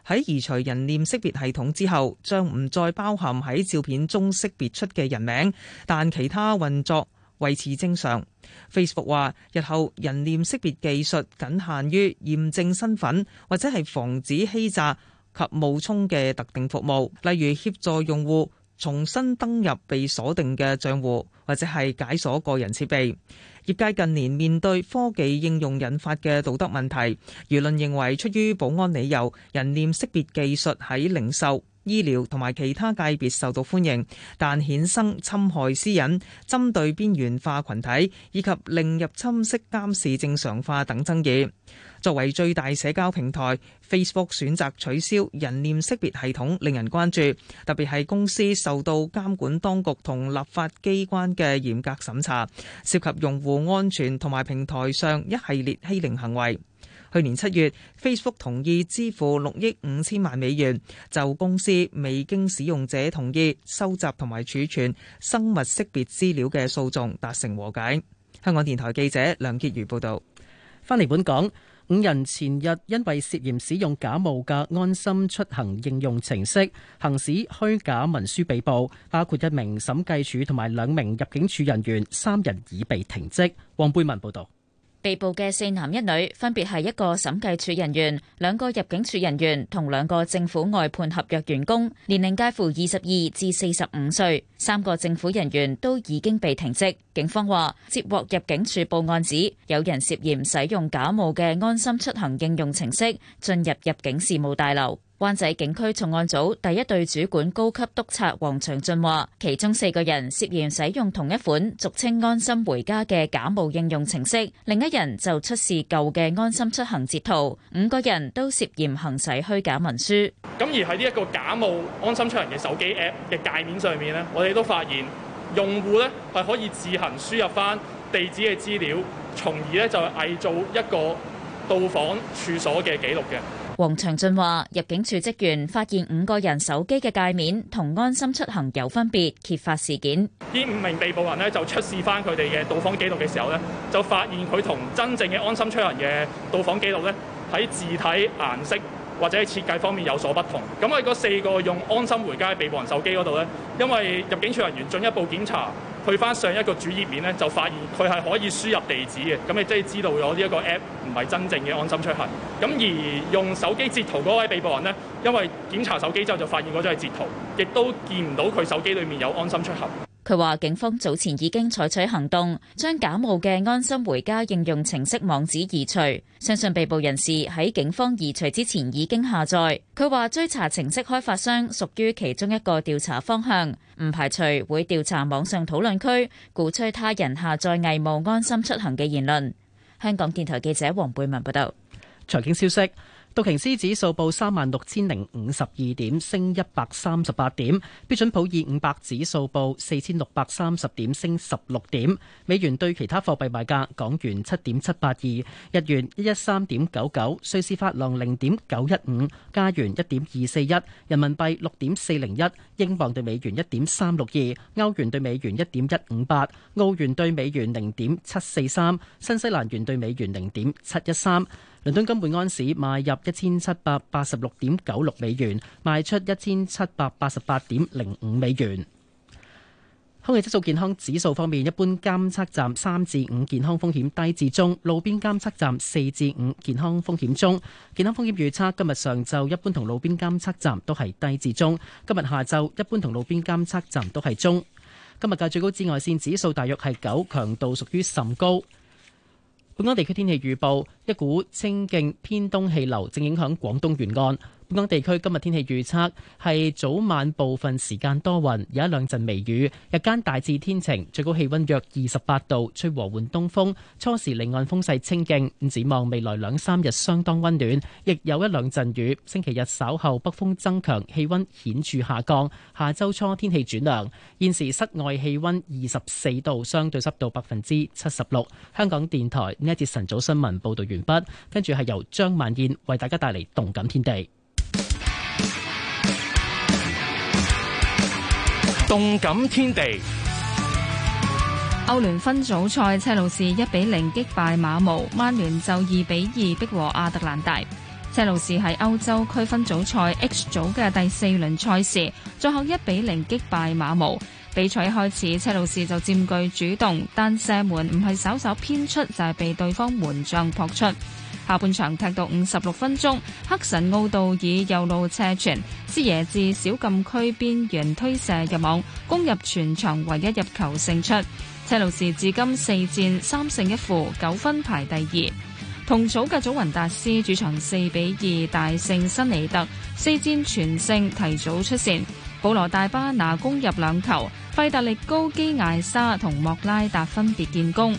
喺移除人臉識別系統之後，將唔再包含喺照片中識別出嘅人名，但其他運作維持正常。Facebook 話：日後人臉識別技術僅限於驗證身份或者係防止欺詐及冒充嘅特定服務，例如協助用戶重新登入被鎖定嘅帳戶，或者係解鎖個人設備。業界近年面對科技應用引發嘅道德問題，輿論認為，出於保安理由，人臉識別技術喺零售、醫療同埋其他界別受到歡迎，但衍生侵害私隱、針對邊緣化群體以及令入侵式監視正常化等爭議。作為最大社交平台，Facebook 選擇取消人臉識別系統令人關注，特別係公司受到監管當局同立法機關嘅嚴格審查，涉及用戶安全同埋平台上一系列欺凌行為。去年七月，Facebook 同意支付六億五千萬美元，就公司未經使用者同意收集同埋儲存生物識別資料嘅訴訟達成和解。香港電台記者梁潔如報道。翻嚟本港，五人前日因為涉嫌使用假冒嘅安心出行應用程式，行使虛假文書被捕，包括一名審計署同埋兩名入境處人員，三人已被停職。黃貝文報道。被捕嘅四男一女，分別係一個審計處人員，兩個入境處人員同兩個政府外判合約員工，年齡介乎二十二至四十五歲，三個政府人員都已經被停職，警方話接獲入境處報案，指有人涉嫌使用假冒嘅安心出行應用程式進入入境事務大樓。灣仔警區重案組第一隊主管高級督察黃長俊話，其中四個人涉嫌使用同一款俗稱安心回家嘅假冒應用程式，另一人就出示舊嘅安心出行截圖，五個人都涉嫌行使虛假文書。咁而喺呢一個假冒安心出行嘅手機 app 嘅界面上面呢，我哋都發現用戶呢係可以自行輸入返地址嘅資料，從而呢就偽造一個到訪處所嘅記錄嘅。黃長俊話：入境處職員發現五個人手機嘅界面同安心出行有分別，揭發事件。呢五名被捕人呢就出示翻佢哋嘅到訪記錄嘅時候呢，就發現佢同真正嘅安心出行嘅到訪記錄呢喺字體、顏色或者設計方面有所不同。咁喺嗰四個用安心回家嘅被捕人手機嗰度，因為入境處人員進一步檢查。去翻上一個主頁面咧，就發現佢係可以輸入地址嘅，咁你即係知道咗呢一個 App 唔係真正嘅安心出行。咁而用手機截圖嗰位被捕人咧，因為檢查手機之後就發現嗰張係截圖，亦都見唔到佢手機裏面有安心出行。佢話：警方早前已經採取行動，將假冒嘅安心回家應用程式網址移除。相信被捕人士喺警方移除之前已經下載。佢話追查程式開發商屬於其中一個調查方向，唔排除會調查網上討論區，鼓吹他人下載偽冒安心出行嘅言論。香港電台記者黃貝文報道。財經消息。道瓊斯指數報三萬六千零五十二點，升一百三十八點。標準普爾五百指數報四千六百三十點，升十六點。美元對其他貨幣賣價：港元七點七八二，日元一一三點九九，瑞士法郎零點九一五，加元一點二四一，人民幣六點四零一，英鎊對美元一點三六二，歐元對美元一點一五八，澳元對美元零點七四三，新西蘭元對美元零點七一三。倫敦金每盎司買入一千七百八十六點九六美元，賣出一千七百八十八點零五美元。空氣質素健康指數方面，一般監測站三至五健康風險低至中，路邊監測站四至五健康風險中。健康風險預測今日上晝一般同路邊監測站都係低至中，今日下晝一般同路邊監測站都係中。今日嘅最高紫外線指數大約係九，強度屬於甚高。本港地區天氣預報，一股清勁偏東氣流正影響廣東沿岸。香港地區今日天氣預測係早晚部分時間多雲，有一兩陣微雨；日間大致天晴，最高氣溫約二十八度，吹和緩東風。初時離岸風勢清勁，展望未來兩三日相當溫暖，亦有一兩陣雨。星期日稍後北風增強，氣溫顯著下降。下週初天氣轉涼。現時室外氣溫二十四度，相對濕度百分之七十六。香港電台呢一節晨早新聞報道完畢，跟住係由張萬燕為大家帶嚟動感天地。動感天地，歐聯分組賽，車路士一比零擊敗馬毛，曼聯就二比二逼和亞特蘭大。車路士喺歐洲區分組賽 H 組嘅第四輪賽事，最後一比零擊敗馬毛。比賽開始，車路士就佔據主動，但射門唔係稍稍偏出，就係、是、被對方門將撲出。下半場踢到五十六分鐘，黑神奧道爾右路斜傳，師爺至小禁區邊緣推射入網，攻入全場唯一入球，勝出。車路士至今四戰三勝一負，九分排第二。同組嘅祖雲達斯主場四比二大勝新尼特，四戰全勝，提早出線。保羅大巴拿攻入兩球，費達力高基艾沙同莫拉達分別建功。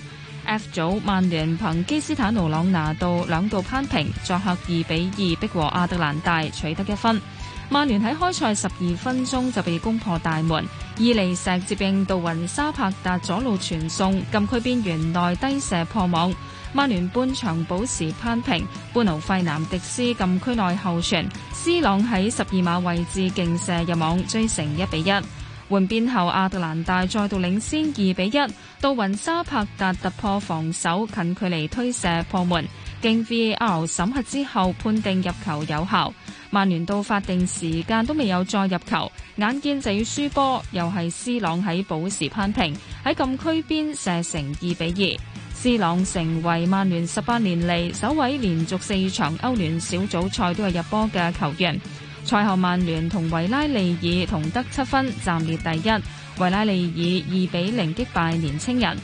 F 組曼聯憑基斯坦奴朗拿度兩度攀平，作客二比二逼和亞特蘭大取得一分。曼聯喺開賽十二分鐘就被攻破大門，伊利石接應杜雲沙柏達左路傳送，禁區邊緣內低射破網。曼聯半場保持攀平，布努費南迪斯禁區內後傳，斯朗喺十二碼位置勁射入網，追成一比一。換邊後，亞特蘭大再度領先二比一。杜雲沙柏達突破防守，近距離推射破門。經 VAR 審核之後，判定入球有效。曼聯到法定時間都未有再入球，眼見就要輸波。又係斯朗喺補時攀平，喺禁區邊射成二比二。斯朗成為曼聯十八年嚟首位連續四場歐聯小組賽都係入波嘅球員。賽後，曼聯同維拉利爾同得七分，暫列第一。維拉利爾二比零擊敗年青人。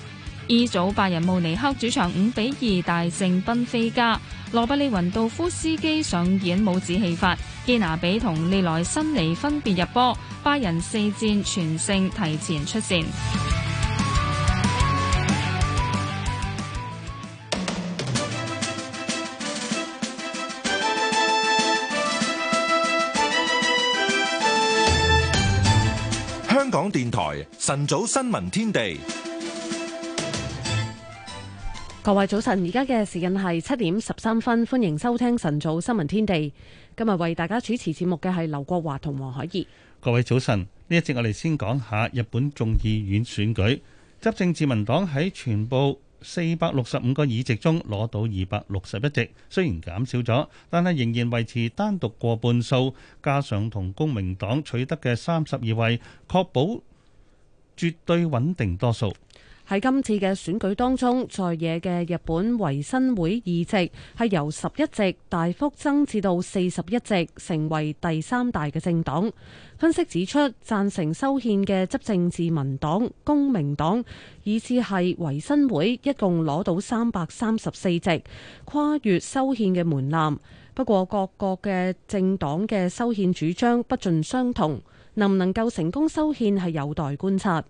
E 組拜仁慕尼克主場五比二大勝賓菲加，羅伯利雲道夫斯基上演帽子戲法，基拿比同利萊辛尼分別入波。拜仁四戰全勝，提前出線。港電台晨早新聞天地，各位早晨，而家嘅時間係七點十三分，歡迎收聽晨早新聞天地。今日為大家主持節目嘅係劉國華同黃海怡。各位早晨，呢一節我哋先講下日本眾議院選舉，執政自民黨喺全部四百六十五個議席中攞到二百六十一席，雖然減少咗，但係仍然維持單獨過半數，加上同公明黨取得嘅三十二位，確保絕對穩定多數。喺今次嘅選舉當中，在野嘅日本維新會議席係由十一席大幅增至到四十一席，成為第三大嘅政黨。分析指出，贊成修憲嘅執政自民黨、公明黨、以至係維新會，一共攞到三百三十四席，跨越修憲嘅門檻。不過各國嘅政黨嘅修憲主張不盡相同，能唔能夠成功修憲係有待觀察。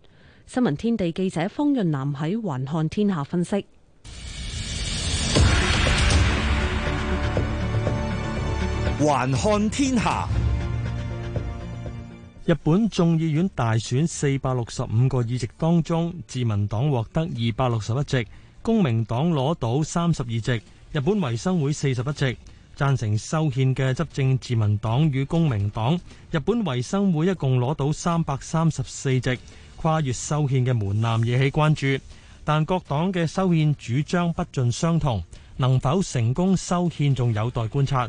新聞天地記者方潤南喺《還看天下》分析，《還看天下》。日本眾議院大選四百六十五個議席當中，自民黨獲得二百六十一席，公明黨攞到三十二席，日本維生會四十一席。贊成修憲嘅執政自民黨與公明黨，日本維生會一共攞到三百三十四席，跨越修憲嘅門檻惹起關注，但各黨嘅修憲主張不盡相同，能否成功修憲仲有待觀察。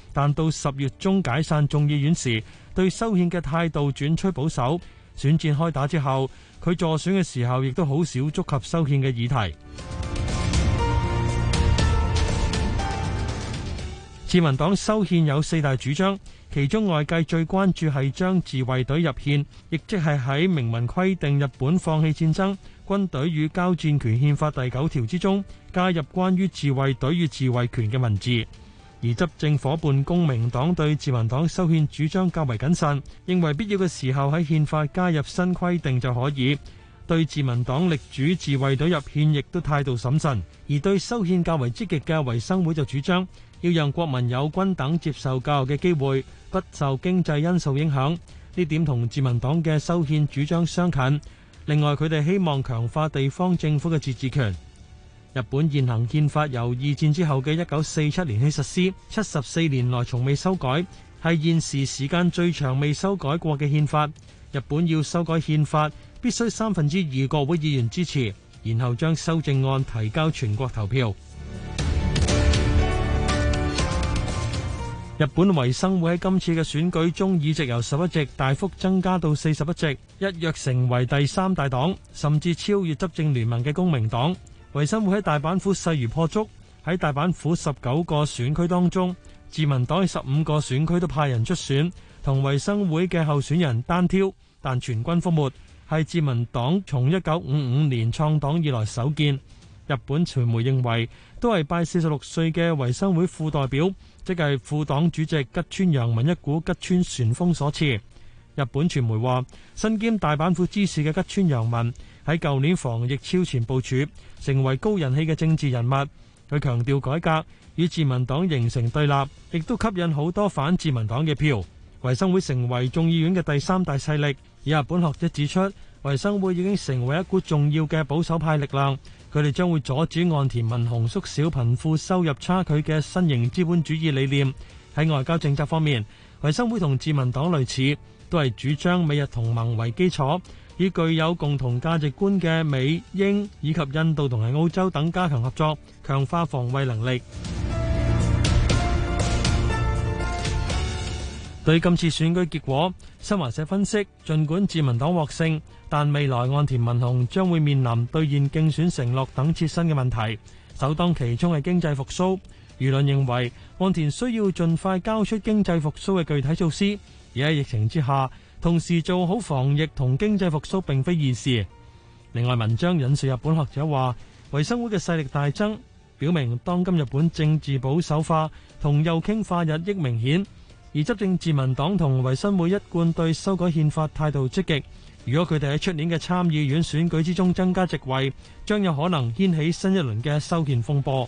但到十月中解散眾議院時，對修憲嘅態度轉趨保守。選戰開打之後，佢助選嘅時候亦都好少觸及修憲嘅議題。自民黨修憲有四大主張，其中外界最關注係將自衛隊入憲，亦即係喺明文規定日本放棄戰爭、軍隊與交戰權憲法第九條之中，加入關於自衛隊與自衛權嘅文字。而執政伙伴公明黨對自民黨修憲主張較為謹慎，認為必要嘅時候喺憲法加入新規定就可以。對自民黨力主自衛隊入憲亦都態度審慎，而對修憲較為積極嘅維生會就主張要讓國民有均等接受教育嘅機會，不受經濟因素影響。呢點同自民黨嘅修憲主張相近。另外，佢哋希望強化地方政府嘅自治權。日本現行憲法由二戰之後嘅一九四七年起實施，七十四年來從未修改，係現時時間最長未修改過嘅憲法。日本要修改憲法，必須三分之二國會議員支持，然後將修正案提交全國投票。日本維新會喺今次嘅選舉中，議席由十一席大幅增加到四十一席，一躍成為第三大黨，甚至超越執政聯盟嘅公明黨。衞生會喺大阪府勢如破竹，喺大阪府十九個選區當中，自民黨喺十五個選區都派人出選，同衞生會嘅候選人單挑，但全軍覆沒，係自民黨從一九五五年創黨以來首見。日本傳媒認為都係拜四十六歲嘅衞生會副代表，即係副黨主席吉川洋文一股吉川旋風所賜。日本傳媒話，身兼大阪府知事嘅吉川洋文。喺舊年防疫超前部署，成為高人氣嘅政治人物。佢強調改革，與自民黨形成對立，亦都吸引好多反自民黨嘅票。維新會成為眾議院嘅第三大勢力。而日本學者指出，維新會已經成為一股重要嘅保守派力量。佢哋將會阻止岸田文雄縮小貧富收入差距嘅新型資本主義理念。喺外交政策方面，維新會同自民黨類似，都係主張美日同盟為基礎。以具有共同價值觀嘅美、英以及印度同埋澳洲等加強合作，強化防衛能力。對今次選舉結果，新華社分析，儘管自民黨獲勝，但未來岸田文雄將會面臨兌現競選承諾等切身嘅問題。首當其衝係經濟復甦，輿論認為岸田需要盡快交出經濟復甦嘅具體措施，而喺疫情之下。同時做好防疫同經濟復甦並非易事。另外，文章引述日本學者話，維新會嘅勢力大增，表明當今日本政治保守化同右傾化日益明顯。而執政自民黨同維新會一貫對修改憲法態度積極。如果佢哋喺出年嘅參議院選舉之中增加席位，將有可能掀起新一輪嘅修憲風波。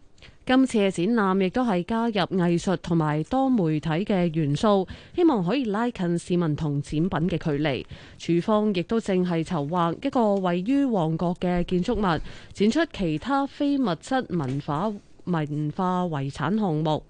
今次嘅展覽亦都係加入藝術同埋多媒體嘅元素，希望可以拉近市民同展品嘅距離。署方亦都正係籌劃一個位於旺角嘅建築物，展出其他非物質文化文化遺產項目。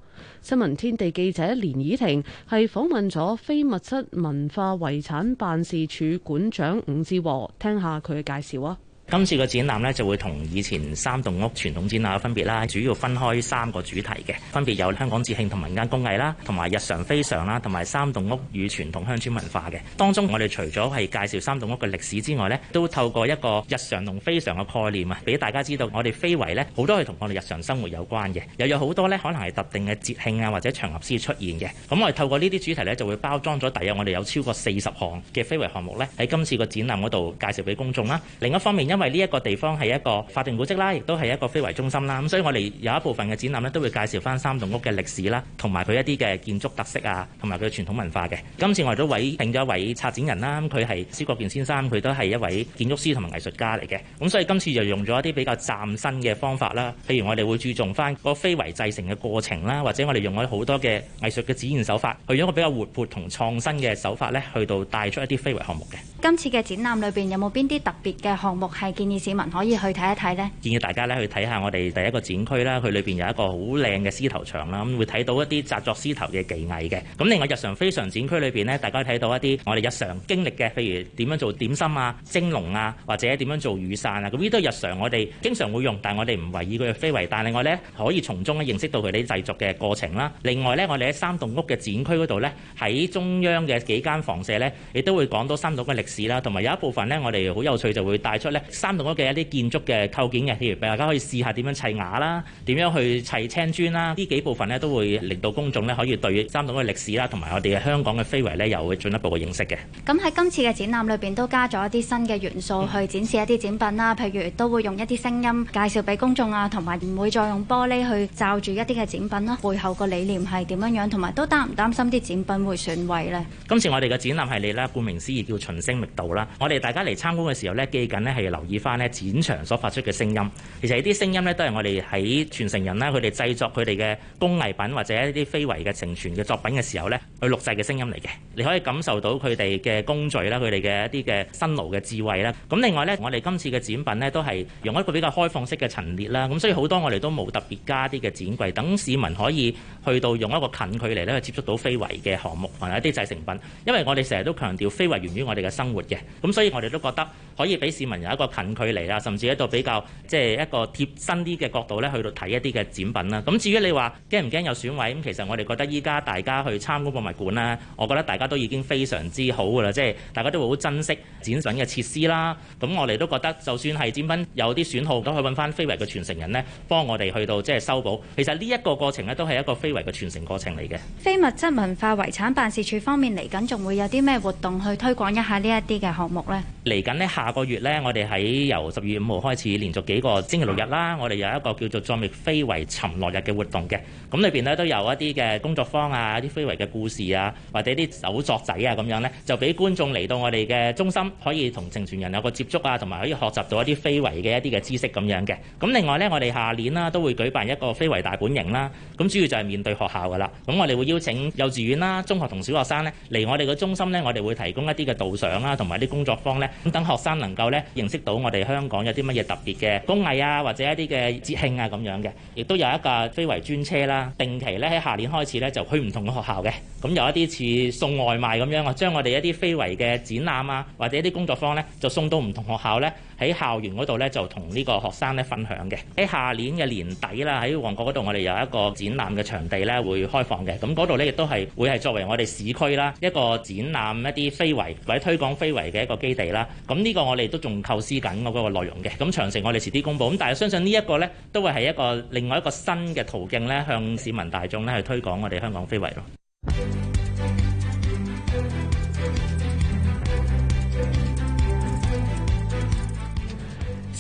新聞天地記者連倚婷係訪問咗非物質文化遺產辦事處館長伍志和，聽下佢嘅介紹啊！今次個展覽呢就會同以前三棟屋傳統展覽分別啦，主要分開三個主題嘅，分別有香港節慶同民間工藝啦，同埋日常非常啦，同埋三棟屋與傳統鄉村文化嘅。當中我哋除咗係介紹三棟屋嘅歷史之外呢都透過一個日常同非常嘅概念啊，俾大家知道我哋非遺呢好多係同我哋日常生活有關嘅，又有好多呢可能係特定嘅節慶啊或者場合先出現嘅。咁我哋透過呢啲主題呢就會包裝咗，大約我哋有超過四十項嘅非遺項目呢，喺今次個展覽嗰度介紹俾公眾啦。另一方面，因因為呢一個地方係一個法定古蹟啦，亦都係一個非遺中心啦。咁所以我哋有一部分嘅展覽咧，都會介紹翻三棟屋嘅歷史啦，同埋佢一啲嘅建築特色啊，同埋佢嘅傳統文化嘅。今次我哋都委聘咗一位策展人啦，佢係施國健先生，佢都係一位建築師同埋藝術家嚟嘅。咁所以今次就用咗一啲比較嶄新嘅方法啦，譬如我哋會注重翻個非遺製成嘅過程啦，或者我哋用我哋好多嘅藝術嘅展現手法，去咗一個比較活潑同創新嘅手法咧，去到帶出一啲非遺項目嘅。今次嘅展覽裏邊有冇邊啲特別嘅項目？係建議市民可以去睇一睇咧。建議大家咧去睇下我哋第一個展區啦，佢裏邊有一個好靚嘅獅頭牆啦，咁會睇到一啲紮作獅頭嘅技藝嘅。咁另外日常非常展區裏邊咧，大家睇到一啲我哋日常經歷嘅，譬如點樣做點心啊、蒸籠啊，或者點樣做雨傘啊。咁呢啲都日常我哋經常會用，但係我哋唔為意佢嘅非遺，但係另外可以從中咧認識到佢哋製作嘅過程啦。另外咧，我哋喺三棟屋嘅展區嗰度咧，喺中央嘅幾間房舍咧，亦都會講到三棟屋嘅歷史啦，同埋有，有一部分呢，我哋好有趣就會帶出咧。三龍屋嘅一啲建築嘅構件嘅，譬如大家可以試下點樣砌瓦啦，點樣去砌青磚啦，呢幾部分呢都會令到公眾呢可以對三屋嘅歷史啦，同埋我哋嘅香港嘅飛圍咧有進一步嘅認識嘅。咁喺今次嘅展覽裏邊都加咗一啲新嘅元素去展示一啲展品啦，嗯、譬如都會用一啲聲音介紹俾公眾啊，同埋唔會再用玻璃去罩住一啲嘅展品啦。背後個理念係點樣樣，同埋都擔唔擔心啲展品會損毀呢？今次我哋嘅展覽係你咧，顧名思義叫《秦聲密度」啦。我哋大家嚟參觀嘅時候呢，記緊呢係留意翻呢展場所發出嘅聲音，其實呢啲聲音呢，都係我哋喺傳承人啦。佢哋製作佢哋嘅工藝品或者一啲非遺嘅承傳嘅作品嘅時候呢，去錄製嘅聲音嚟嘅。你可以感受到佢哋嘅工序啦，佢哋嘅一啲嘅辛勞嘅智慧啦。咁另外呢，我哋今次嘅展品呢，都係用一個比較開放式嘅陳列啦。咁所以好多我哋都冇特別加啲嘅展櫃，等市民可以去到用一個近距離呢去接觸到非遺嘅項目同埋一啲製成品。因為我哋成日都強調非遺源於我哋嘅生活嘅，咁所以我哋都覺得可以俾市民有一個，近距離啊，甚至喺度比較即係一個貼身啲嘅角度咧，去到睇一啲嘅展品啦。咁至於你話驚唔驚有損毀咁，其實我哋覺得依家大家去參觀博物館啦，我覺得大家都已經非常之好噶啦，即係大家都會好珍惜展品嘅設施啦。咁我哋都覺得就算係展品有啲損耗，都可以揾翻非遺嘅傳承人呢，幫我哋去到即係修補。其實呢一個過程呢，都係一個非遺嘅傳承過程嚟嘅。非物質文化遺產辦事處方面，嚟緊仲會有啲咩活動去推廣一下呢一啲嘅項目呢？嚟緊呢下個月呢，我哋係喺由十月五號開始，連續幾個星期六日啦，我哋有一個叫做作入非遺尋樂日嘅活動嘅。咁裏邊咧都有一啲嘅工作坊啊，一啲非遺嘅故事啊，或者啲手作仔啊咁樣呢，就俾觀眾嚟到我哋嘅中心，可以同承傳人有個接觸啊，同埋可以學習到一啲非遺嘅一啲嘅知識咁樣嘅。咁另外呢，我哋下年啦都會舉辦一個非遺大本營啦。咁主要就係面對學校㗎喇。咁我哋會邀請幼稚園啦、中學同小學生呢嚟我哋嘅中心呢，我哋會提供一啲嘅導賞啦，同埋啲工作坊呢。咁等學生能夠咧認識到。到我哋香港有啲乜嘢特別嘅工藝啊，或者一啲嘅節慶啊咁樣嘅，亦都有一個非遺專車啦。定期咧喺下年開始咧就去唔同嘅學校嘅，咁有一啲似送外賣咁樣，啊，將我哋一啲非遺嘅展覽啊，或者一啲工作坊咧，就送到唔同學校咧。喺校園嗰度咧，就同呢個學生咧分享嘅。喺下年嘅年底啦，喺旺角嗰度，我哋有一個展覽嘅場地咧會開放嘅。咁嗰度咧亦都係會係作為我哋市區啦一個展覽一啲非遺或者推廣非遺嘅一個基地啦。咁呢個我哋都仲構思緊我嗰個內容嘅。咁詳情我哋遲啲公佈，咁但係相信呢一個咧都會係一個另外一個新嘅途徑咧向市民大眾咧去推廣我哋香港非遺咯。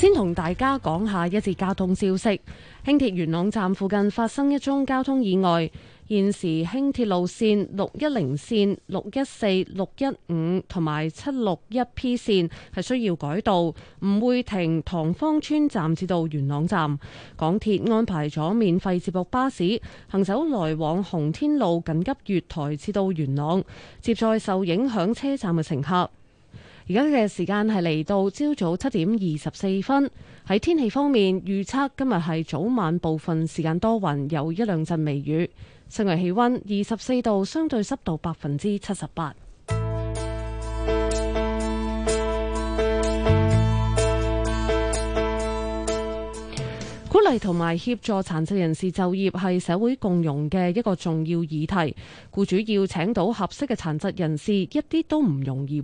先同大家講下一節交通消息。輕鐵元朗站附近發生一宗交通意外，現時輕鐵路線六一零線、六一四、六一五同埋七六一 P 線係需要改道，唔會停塘坊村站至到元朗站。港鐵安排咗免費接駁巴士行走來往洪天路緊急月台至到元朗，接載受影響車站嘅乘客。而家嘅時間係嚟到朝早七點二十四分。喺天氣方面，預測今日係早晚部分時間多雲，有一兩陣微雨。室外氣溫二十四度，相對濕度百分之七十八。鼓勵同埋協助殘疾人士就業係社會共融嘅一個重要議題。雇主要請到合適嘅殘疾人士，一啲都唔容易。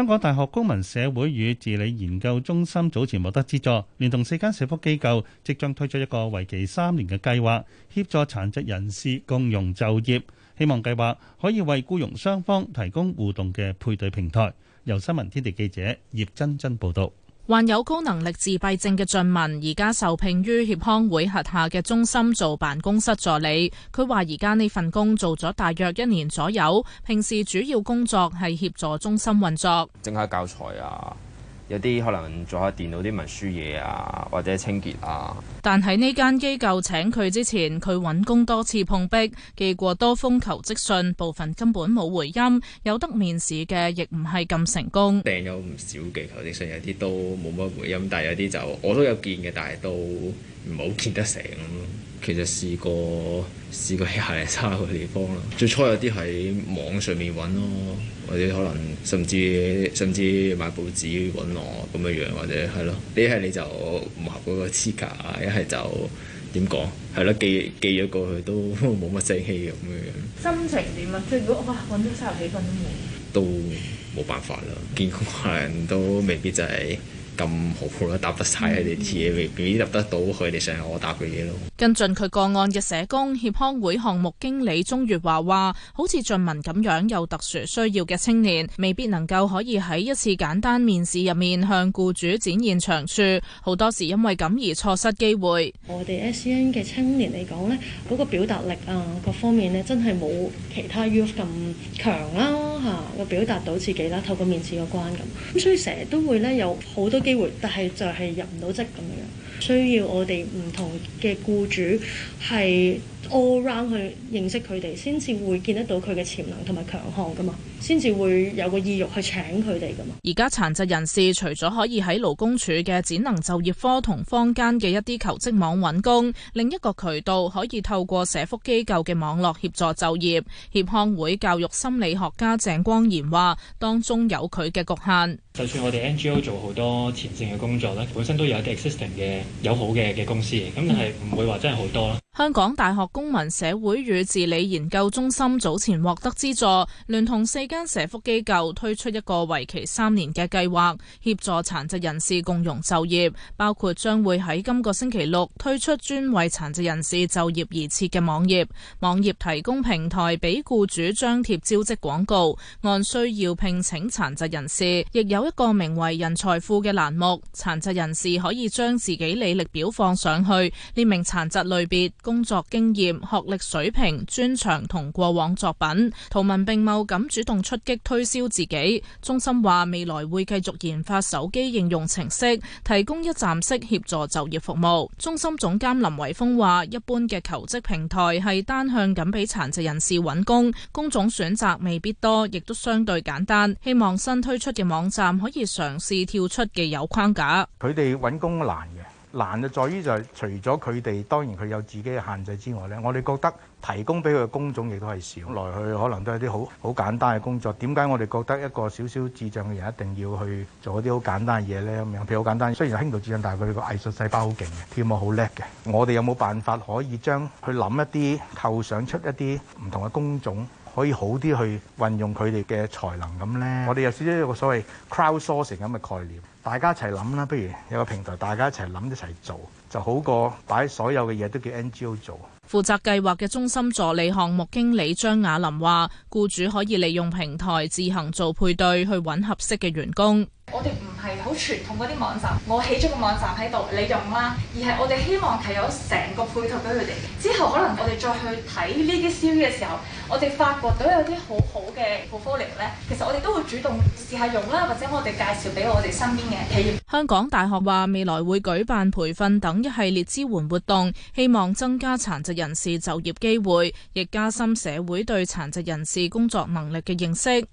香港大學公民社會與治理研究中心早前獲得資助，連同四間社福機構，即將推出一個為期三年嘅計劃，協助殘疾人士共融就業。希望計劃可以為雇傭雙方提供互動嘅配對平台。由新聞天地記者葉珍珍報道。患有高能力自閉症嘅俊文，而家受聘於協康會轄下嘅中心做辦公室助理。佢話而家呢份工做咗大約一年左右，平時主要工作係協助中心運作，整下教材啊。有啲可能做下電腦啲文書嘢啊，或者清潔啊。但喺呢間機構請佢之前，佢揾工多次碰壁，寄過多封求職信，部分根本冇回音，有得面試嘅亦唔係咁成功。訂咗唔少嘅求職信，有啲都冇乜回音，但有啲就我都有見嘅，但係都唔好見得成。其實試過試過廿零三個地方，最初有啲喺網上面揾咯，或者可能甚至甚至買報紙揾我咁樣樣，或者係咯，一係你就唔合嗰個 criteria 一係就點講係咯，寄寄咗過去都冇乜聲氣咁樣樣。心情點啊？即係如果哇揾到三十幾份都冇，都冇辦法啦。見工客人都未必就係、是。咁好啦，啊、答得晒，你哋嘢，未必答得到佢哋想我答嘅嘢咯。跟進佢個案嘅社工，協康會項目經理鍾月華話，好似俊文咁樣有特殊需要嘅青年，未必能夠可以喺一次簡單面試入面向僱主展現長處，好多時因為咁而錯失機會。我哋 s n 嘅青年嚟講咧，嗰個表達力啊，各方面咧真係冇其他 U 咁強啦，吓，我表達到自己啦，透過面試個關咁，咁所以成日都會咧有好多機會，但係就係入唔到職咁樣。需要我哋唔同嘅雇主係。all round 去認識佢哋，先至會見得到佢嘅潛能同埋強項噶嘛，先至會有個意欲去請佢哋噶嘛。而家殘疾人士除咗可以喺勞工處嘅展能就業科同坊間嘅一啲求職網揾工，另一個渠道可以透過社福機構嘅網絡協助就業。協康會教育心理學家鄭光賢話，當中有佢嘅局限。就算我哋 NGO 做好多前線嘅工作咧，本身都有一啲 existing 嘅友好嘅嘅公司，咁但係唔會話真係好多囉。 香港大學公民社會與治理研究中心早前獲得資助，聯同四間社福機構推出一個為期三年嘅計劃，協助殘疾人士共融就業。包括將會喺今個星期六推出專為殘疾人士就業而設嘅網頁，網頁提供平台俾僱主張貼招職廣告，按需要聘請殘疾人士。亦有一個名為“人才庫”嘅欄目，殘疾人士可以將自己履歷表放上去，列明殘疾類別、工作經驗。學歷水平、專長同過往作品，圖文並茂咁主動出擊推銷自己。中心話未來會繼續研發手機應用程式，提供一站式協助就業服務。中心總監林偉峰話：一般嘅求職平台係單向咁俾殘疾人士揾工，工種選擇未必多，亦都相對簡單。希望新推出嘅網站可以嘗試跳出既有框架。佢哋揾工難嘅。難就在於就係除咗佢哋當然佢有自己嘅限制之外呢，我哋覺得提供俾佢嘅工種亦都係少，來去可能都係啲好好簡單嘅工作。點解我哋覺得一個少少智障嘅人一定要去做一啲好簡單嘅嘢呢？咁樣譬如好簡單，雖然係輕度智障，但係佢個藝術細胞好勁嘅，跳舞好叻嘅。我哋有冇辦法可以將去諗一啲，構想出一啲唔同嘅工種，可以好啲去運用佢哋嘅才能咁呢，我哋有少少一個所謂 crowd sourcing 咁嘅概念。大家一齊諗啦，不如有個平台，大家一齊諗一齊做，就好過擺所有嘅嘢都叫 NGO 做。負責計劃嘅中心助理項目經理張雅琳話，雇主可以利用平台自行做配對去揾合適嘅員工。好傳統嗰啲網站，我起咗個網站喺度，你用啦。而係我哋希望係有成個配套俾佢哋。之後可能我哋再去睇呢啲 CV 嘅時候，我哋發覺到有啲好好嘅 portfolio 咧，其實我哋都會主動試下用啦，或者我哋介紹俾我哋身邊嘅企業。香港大學話未來會舉辦培訓等一系列支援活動，希望增加殘疾人士就業機會，亦加深社會對殘疾人士工作能力嘅認識。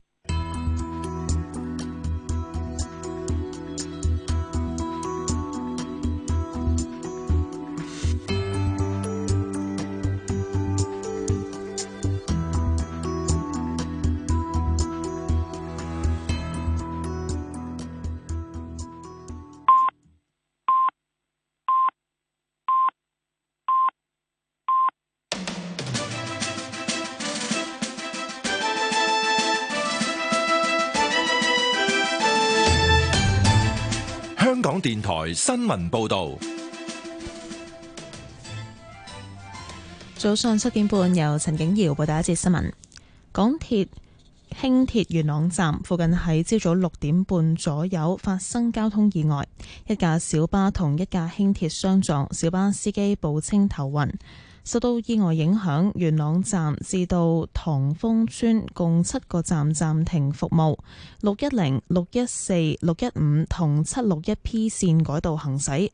台新聞報道，早上七點半由陳景堯報道一節新聞。港鐵輕鐵元朗站附近喺朝早六點半左右發生交通意外，一架小巴同一架輕鐵相撞，小巴司機報稱頭暈。受到意外影響，元朗站至到塘坊村共七個站暫停服務，六一零、六一四、六一五同七六一 P 線改道行駛。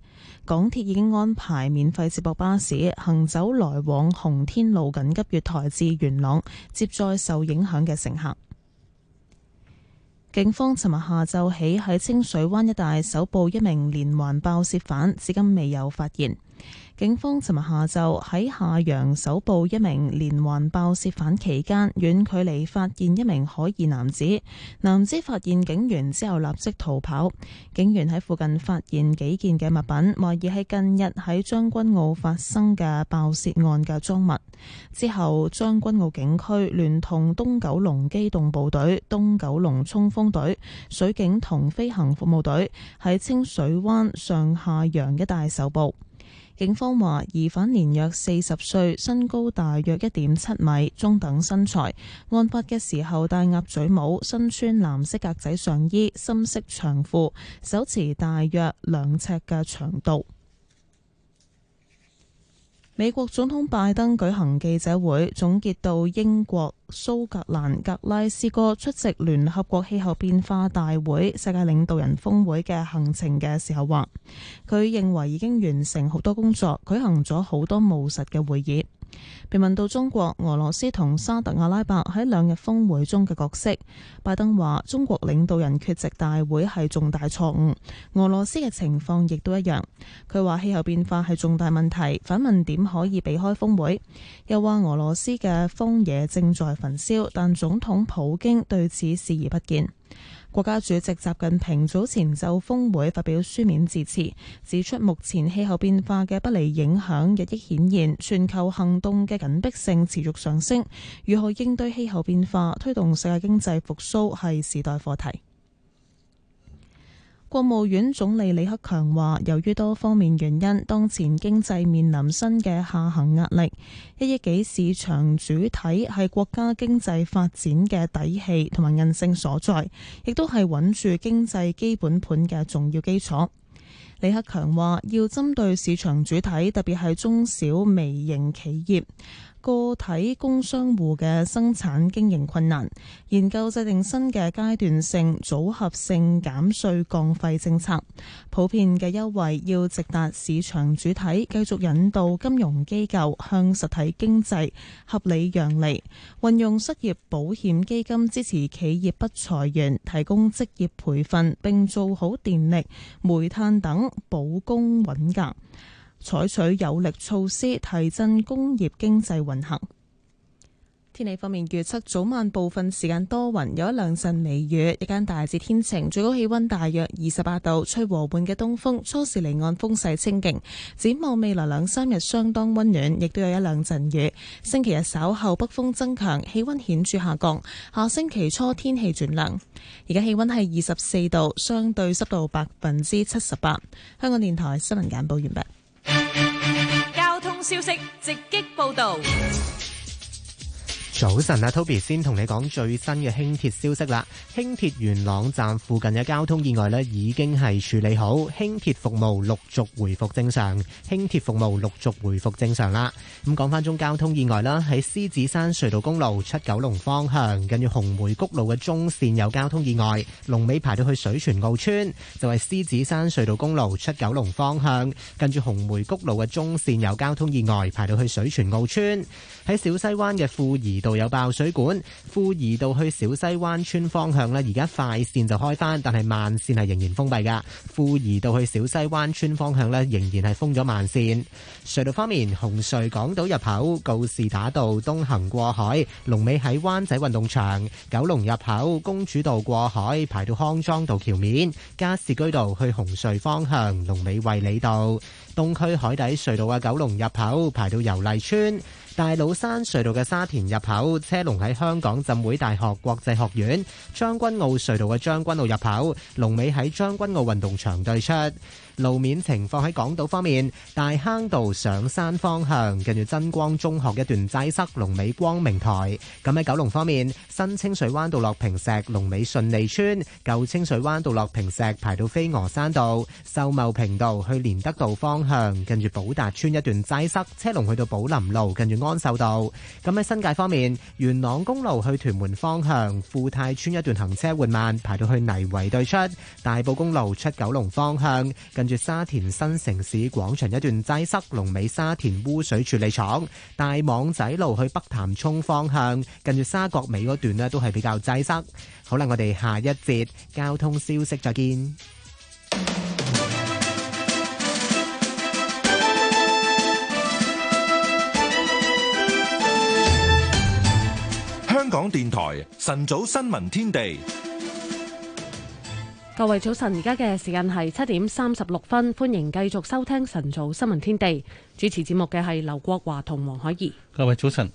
港鐵已經安排免費接駁巴士行走來往洪天路緊急月台至元朗，接載受影響嘅乘客。警方尋日下晝起喺清水灣一帶搜捕一名連環爆竊犯，至今未有發現。警方尋日下晝喺下洋搜捕一名連環爆竊犯期間，遠距離發現一名可疑男子。男子發現警員之後立即逃跑。警員喺附近發現幾件嘅物品，懷疑係近日喺將軍澳發生嘅爆竊案嘅贓物。之後，將軍澳警區聯同東九龍機動部隊、東九龍衝鋒隊、水警同飛行服務隊喺清水灣上下洋一帶搜捕。警方話疑犯年約四十歲，身高大約一點七米，中等身材。案發嘅時候，戴鴨嘴帽，身穿藍色格仔上衣，深色長褲，手持大約兩尺嘅長刀。美國總統拜登舉行記者會，總結到英國蘇格蘭格拉斯哥出席聯合國氣候變化大會、世界領導人峰會嘅行程嘅時候，話佢認為已經完成好多工作，舉行咗好多務實嘅會議。被問到中國、俄羅斯同沙特阿拉伯喺兩日峰會中嘅角色，拜登話中國領導人缺席大會係重大錯誤，俄羅斯嘅情況亦都一樣。佢話氣候變化係重大問題，反問點可以避開峰會？又話俄羅斯嘅荒野正在焚燒，但總統普京對此視而不見。國家主席習近平早前就峰會發表書面致辭，指出目前氣候變化嘅不利影響日益顯現，全球行動嘅緊迫性持續上升。如何應對氣候變化，推動世界經濟復甦，係時代課題。國務院總理李克強話，由於多方面原因，當前經濟面臨新嘅下行壓力。一億幾市場主體係國家經濟發展嘅底氣同埋韌性所在，亦都係穩住經濟基本盤嘅重要基礎。李克強話，要針對市場主體，特別係中小微型企業。個體工商戶嘅生產經營困難，研究制定新嘅階段性組合性減稅降費政策，普遍嘅優惠要直達市場主體，繼續引導金融機構向實體經濟合理讓利，運用失業保險基金支持企業不裁員，提供職業培訓，並做好電力、煤炭等保供穩價。採取有力措施，提振工業經濟運行。天氣方面，預測早晚部分時間多雲，有一兩陣微雨，日間大致天晴，最高氣溫大約二十八度，吹和緩嘅東風。初時離岸風勢清勁，展望未來兩三日相當温暖，亦都有一兩陣雨。星期日稍後北風增強，氣溫顯著下降。下星期初天氣轉涼。而家氣溫係二十四度，相對濕度百分之七十八。香港電台新聞簡報完畢。交通消息，直擊報道。早晨啊，Toby 先同你講最新嘅輕鐵消息啦。輕鐵元朗站附近嘅交通意外呢，已經係處理好，輕鐵服務陸續回復正常。輕鐵服務陸續回復正常啦。咁講翻中交通意外啦，喺獅子山隧道公路出九龍方向，近住紅梅谷路嘅中線有交通意外，龍尾排到去水泉澳村，就係獅子山隧道公路出九龍方向，近住紅梅谷路嘅中線有交通意外，排到去水泉澳村。喺小西灣嘅富怡道有爆水管，富怡道去小西灣村方向咧，而家快線就開翻，但係慢線係仍然封閉噶。富怡道去小西灣村方向咧，仍然係封咗慢線。隧道方面，紅隧港島入口告士打道東行過海，龍尾喺灣仔運動場；九龍入口公主道過海，排到康莊道橋面；加士居道去紅隧方向，龍尾衛理道；東區海底隧道嘅九龍入口，排到油麗邨。大老山隧道嘅沙田入口，車龍喺香港浸會大學國際學院；將軍澳隧道嘅將軍澳入口，龍尾喺將軍澳運動場對出。路面情況喺港島方面，大坑道上山方向近住真光中學一段擠塞，龍尾光明台。咁喺九龍方面，新清水灣道落平石，龍尾順利村；舊清水灣道落平石，排到飛鵝山道、秀茂坪道去連德道方向，近住寶達邨一段擠塞，車龍去到寶林路，近住安秀道。咁喺新界方面，元朗公路去屯門方向，富泰村一段行車緩慢，排到去泥圍對出，大埔公路出九龍方向，近住沙田新城市廣場一段擠塞，龍尾沙田污水處理廠，大網仔路去北潭涌方向，近住沙角尾嗰段咧都係比較擠塞。好啦，我哋下一節交通消息再見。香港電台晨早新聞天地。各位早晨，而家嘅時間係七點三十六分，歡迎繼續收聽晨早新聞天地。主持節目嘅係劉國華同黃海怡。各位早晨，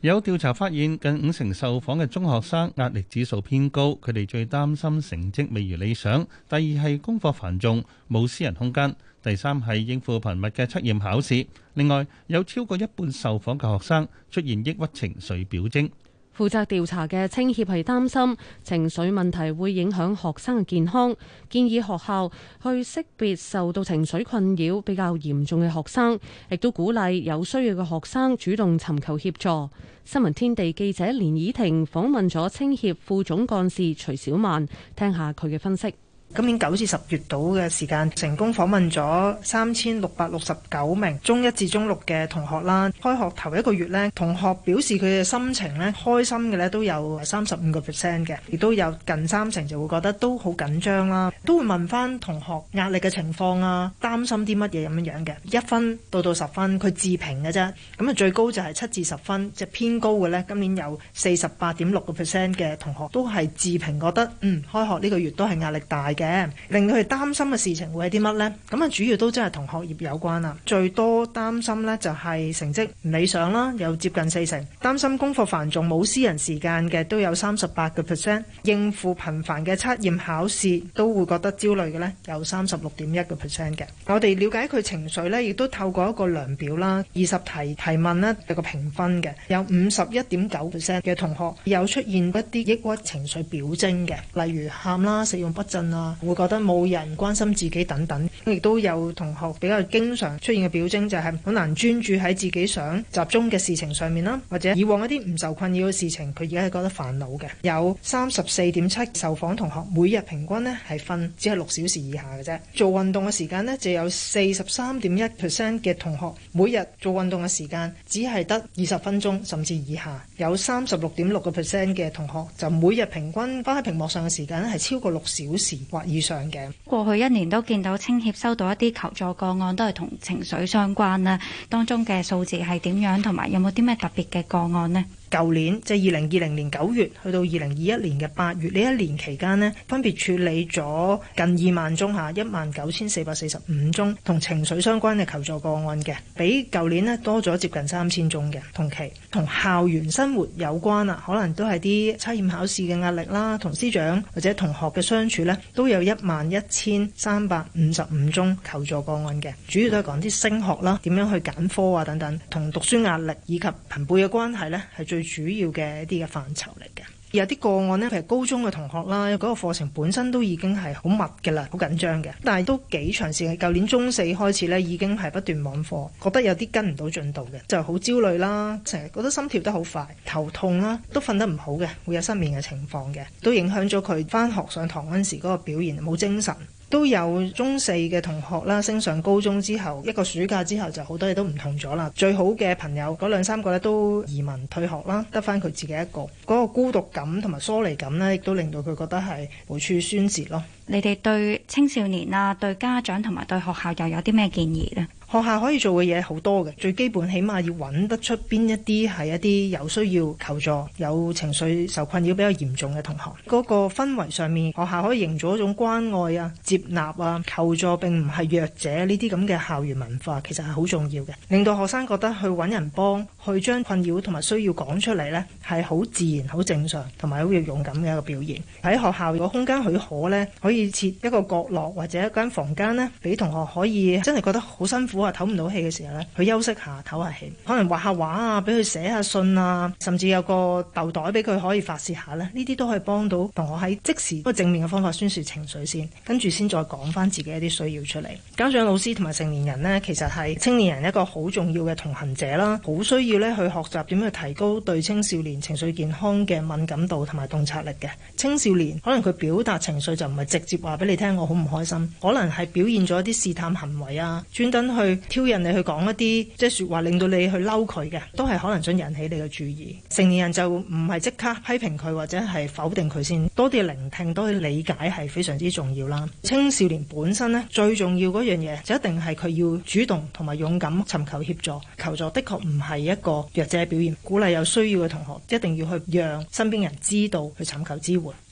有調查發現，近五成受訪嘅中學生壓力指數偏高，佢哋最擔心成績未如理想，第二係功課繁重，冇私人空間，第三係應付頻密嘅測驗考試。另外，有超過一半受訪嘅學生出現抑鬱情緒表徵。負責調查嘅青協係擔心情緒問題會影響學生嘅健康，建議學校去識別受到情緒困擾比較嚴重嘅學生，亦都鼓勵有需要嘅學生主動尋求協助。新聞天地記者連以婷訪，訪問咗青協副總幹事徐小曼，聽下佢嘅分析。今年九至十月度嘅時間，成功訪問咗三千六百六十九名中一至中六嘅同學啦。開學頭一個月咧，同學表示佢嘅心情咧，開心嘅咧都有三十五個 percent 嘅，亦都有近三成就會覺得都好緊張啦。都會問翻同學壓力嘅情況啊，擔心啲乜嘢咁樣樣嘅。一分到到十分，佢自評嘅啫。咁啊，最高就係七至十分，即係偏高嘅咧。今年有四十八點六個 percent 嘅同學都係自評覺得嗯開學呢個月都係壓力大的。嘅令佢擔心嘅事情會係啲乜呢？咁啊，主要都真係同學業有關啦。最多擔心呢就係成績唔理想啦，有接近四成擔心功課繁重冇私人時間嘅都有三十八個 percent，應付頻繁嘅測驗考試都會覺得焦慮嘅呢有三十六點一個 percent 嘅。我哋了解佢情緒呢，亦都透過一個量表啦，二十題提問個評有個評分嘅有五十一點九 percent 嘅同學有出現一啲抑鬱情緒表徵嘅，例如喊啦、食慾不振啊。會覺得冇人關心自己等等，亦都有同學比較經常出現嘅表徵就係好難專注喺自己想集中嘅事情上面啦，或者以往一啲唔受困擾嘅事情，佢而家係覺得煩惱嘅。有三十四點七受訪同學每日平均呢係瞓只係六小時以下嘅啫，做運動嘅時間呢，就有四十三點一 percent 嘅同學每日做運動嘅時間只係得二十分鐘甚至以下，有三十六點六個 percent 嘅同學就每日平均返喺屏幕上嘅時間係超過六小時。以上嘅過去一年都見到青協收到一啲求助個案，都係同情緒相關啦。當中嘅數字係點樣？同埋有冇啲咩特別嘅個案咧？舊年即係二零二零年九月去到二零二一年嘅八月呢一年期間呢分別處理咗近二萬宗吓，一萬九千四百四十五宗同情緒相關嘅求助個案嘅，比舊年呢多咗接近三千宗嘅同期同校園生活有關啊，可能都係啲測驗考試嘅壓力啦，同師長或者同學嘅相處呢，都有一萬一千三百五十五宗求助個案嘅，主要都係講啲升學啦，點樣去揀科啊等等，同讀書壓力以及朋輩嘅關係呢係最。主要嘅一啲嘅範疇嚟嘅，而有啲個案呢，譬如高中嘅同學啦，嗰個課程本身都已經係好密嘅啦，好緊張嘅，但係都幾長時間，舊年中四開始咧已經係不斷網課，覺得有啲跟唔到進度嘅，就好焦慮啦，成日覺得心跳得好快，頭痛啦，都瞓得唔好嘅，會有失眠嘅情況嘅，都影響咗佢翻學上堂嗰陣時嗰個表現，冇精神。都有中四嘅同學啦，升上高中之後，一個暑假之後就好多嘢都唔同咗啦。最好嘅朋友嗰兩三個咧都移民退學啦，得翻佢自己一個。嗰個孤獨感同埋疏離感呢，亦都令到佢覺得係無處宣泄咯。你哋對青少年啊、對家長同埋對學校又有啲咩建議呢？學校可以做嘅嘢好多嘅，最基本起碼要揾得出邊一啲係一啲有需要求助、有情緒受困擾比較嚴重嘅同學。嗰個氛圍上面，學校可以營造一種關愛啊、接納啊、求助並唔係弱者呢啲咁嘅校園文化，其實係好重要嘅，令到學生覺得去揾人幫，去將困擾同埋需要講出嚟呢，係好自然、好正常同埋好勇敢嘅一個表現。喺學校如果空間許可呢，可以設一個角落或者一間房間呢，俾同學可以真係覺得好辛苦。我話唞唔到氣嘅時候咧，佢休息下唞下氣，可能畫下畫啊，俾佢寫下信啊，甚至有個豆袋俾佢可以發泄下咧。呢啲都可以幫到同我喺即時嗰正面嘅方法宣泄情緒先，跟住先再講翻自己一啲需要出嚟。家長老師同埋成年人呢，其實係青年人一個好重要嘅同行者啦，好需要咧去學習點樣去提高對青少年情緒健康嘅敏感度同埋洞察力嘅。青少年可能佢表達情緒就唔係直接話俾你聽，我好唔開心，可能係表現咗一啲試探行為啊，專登去。挑釁你去講一啲即係說話，令到你去嬲佢嘅，都係可能想引起你嘅注意。成年人就唔係即刻批評佢或者係否定佢先，多啲聆聽，多啲理解係非常之重要啦。青少年本身咧，最重要嗰樣嘢就一定係佢要主動同埋勇敢尋求協助，求助的確唔係一個弱者表現。鼓勵有需要嘅同學一定要去讓身邊人知道去尋求支援。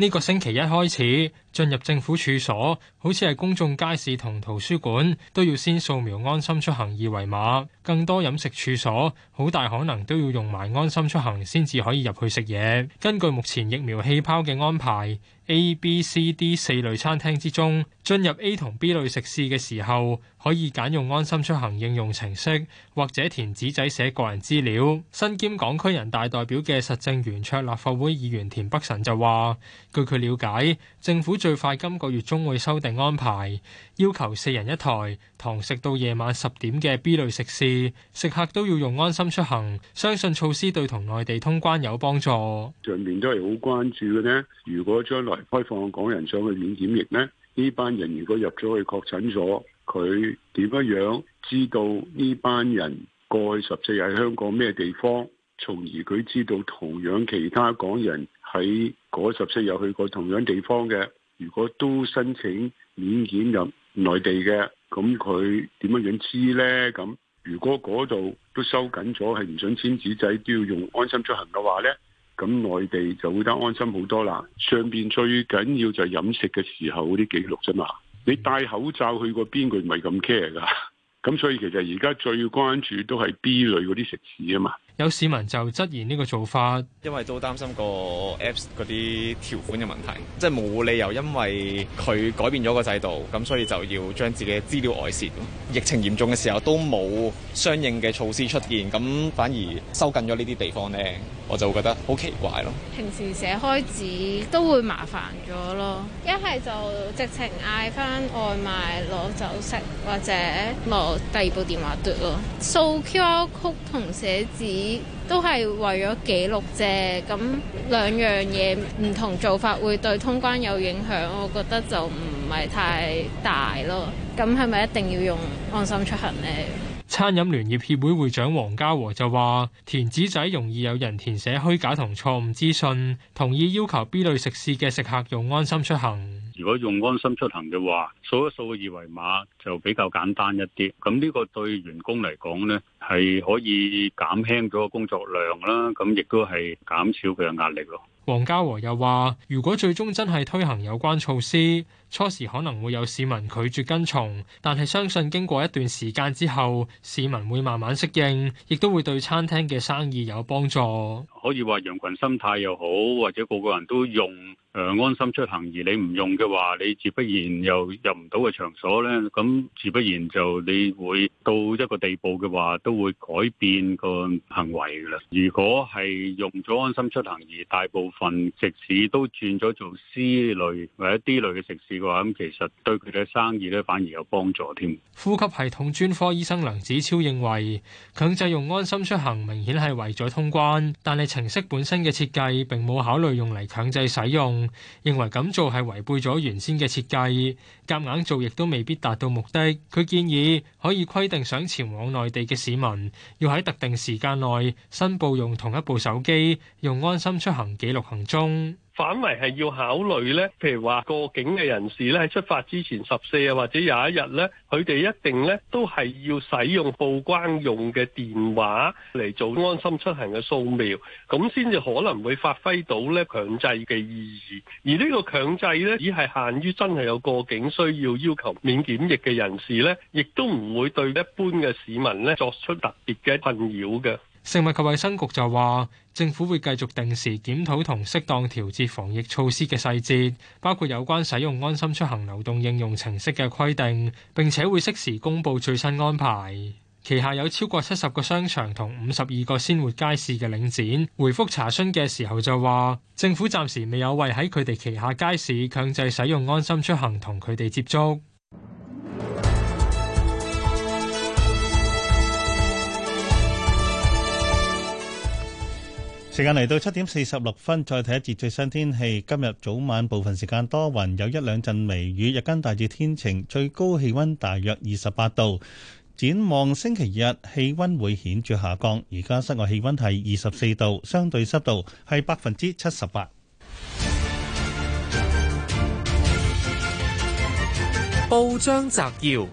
呢個星期一開始進入政府處所，好似係公眾街市同圖書館，都要先掃描安心出行二維碼。更多飲食處所好大可能都要用埋安心出行先至可以入去食嘢。根據目前疫苗氣泡嘅安排，A、B、C、D 四類餐廳之中，進入 A 同 B 類食肆嘅時候，可以揀用安心出行應用程式或者填紙仔寫個人資料。身兼港區人大代表嘅實政圓桌立法會議員田北辰就話，據佢了解，政府最快今個月中會修訂安排。要求四人一台，堂食到夜晚十點嘅 B 類食肆，食客都要用安心出行。相信措施對同內地通關有幫助。上面都係好關注嘅呢。如果將來開放的港人上去免檢疫呢，呢班人如果入咗去確診所，佢點樣知道呢班人過去十四日香港咩地方，從而佢知道同樣其他港人喺嗰十四日去過同樣地方嘅。如果都申請免檢入內地嘅，咁佢點樣樣知呢？咁如果嗰度都收緊咗，係唔想簽紙仔都要用安心出行嘅話呢，咁內地就會得安心好多啦。上面最緊要就係飲食嘅時候嗰啲記錄啫嘛。你戴口罩去過邊，佢唔係咁 care 㗎。咁所以其實而家最關注都係 B 類嗰啲食肆啊嘛。有市民就質疑呢個做法，因為都擔心個 Apps 嗰啲條款嘅問題，即係冇理由因為佢改變咗個制度，咁所以就要將自己嘅資料外泄。疫情嚴重嘅時候都冇相應嘅措施出現，咁反而收緊咗呢啲地方咧，我就覺得好奇怪咯。平時寫開紙都會麻煩咗咯，一係就直情嗌翻外賣攞走食，或者攞第二部電話嘟咯，掃 QR code 同寫紙。都係為咗記錄啫，咁兩樣嘢唔同做法會對通關有影響，我覺得就唔係太大咯。咁係咪一定要用安心出行呢？餐飲聯業協會會長黃家和就話，填紙仔容易有人填寫虛假同錯誤資訊，同意要求 B 類食肆嘅食客用安心出行。如果用安心出行嘅話，掃一掃個二維碼就比較簡單一啲。咁呢個對員工嚟講咧，係可以減輕咗個工作量啦。咁亦都係減少佢嘅壓力咯。黃家和又話，如果最終真係推行有關措施，初時可能會有市民拒絕跟從，但係相信經過一段時間之後，市民會慢慢適應，亦都會對餐廳嘅生意有幫助。可以話羊群心態又好，或者個個人都用誒安心出行，而你唔用嘅話，你自不然又入唔到嘅場所咧。咁自不然就你會到一個地步嘅話都會改變個行為㗎啦。如果係用咗安心出行而大部分食肆都轉咗做 C 類或者 D 類嘅食肆嘅話，咁其實對佢哋嘅生意咧反而有幫助添。呼吸系統專科醫生梁子超認為強制用安心出行明顯係為咗通關，但係，程式本身嘅設計並冇考慮用嚟強制使用，認為咁做係違背咗原先嘅設計。夾硬做亦都未必達到目的。佢建議可以規定想前往內地嘅市民，要喺特定時間內申報用同一部手機，用安心出行記錄行蹤。反為係要考慮呢，譬如話過境嘅人士呢，喺出發之前十四日，或者廿一日呢，佢哋一定呢都係要使用報關用嘅電話嚟做安心出行嘅掃描，咁先至可能會發揮到呢強制嘅意義。而呢個強制呢，只係限於真係有過境。需要要求免檢疫嘅人士呢，亦都唔會對一般嘅市民呢作出特別嘅困擾嘅。食物及衞生局就話，政府會繼續定時檢討同適當調節防疫措施嘅細節，包括有關使用安心出行流動應用程式嘅規定，並且會適時公布最新安排。旗下有超過七十個商場同五十二個鮮活街市嘅領展回覆查詢嘅時候就話，政府暫時未有為喺佢哋旗下街市強制使用安心出行同佢哋接觸。時間嚟到七點四十六分，再睇一節最新天氣。今日早晚部分時間多雲，有一兩陣微雨，日間大致天晴，最高氣温大約二十八度。展望星期日，氣溫會顯著下降。而家室外氣溫係二十四度，相對濕度係百分之七十八。報章摘要：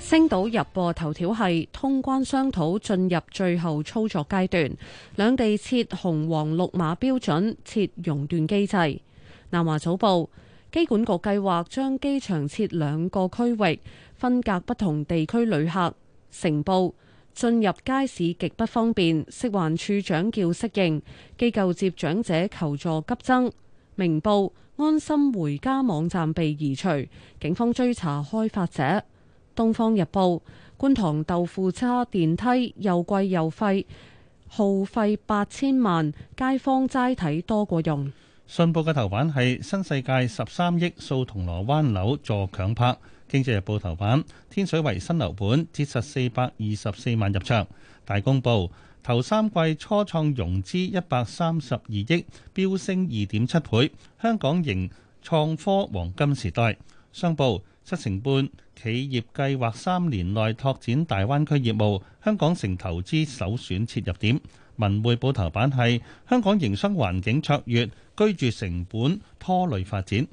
星島日報頭條係通關商討進入最後操作階段，兩地設紅黃綠碼標準，設熔斷機制。南華早報：機管局計劃將機場設兩個區域。分隔不同地區旅客。成報，進入街市極不方便，食環處長叫適應。機構接長者求助急增。明報，安心回家網站被移除，警方追查開發者。《東方日報》，觀塘豆腐渣電梯又貴又廢，耗費八千萬，街坊齋睇多過用。信報嘅頭版係新世界十三億掃銅鑼灣樓座強拍。《經濟日報》頭版，天水圍新樓盤折實四百二十四萬入場。大公報，頭三季初創融資一百三十二億，飆升二點七倍。香港仍創科黃金時代。商報，七成半企業計劃三年內拓展大灣區業務，香港成投資首選切入點。文匯《文匯報》頭版係香港營商環境卓越，居住成本拖累發展。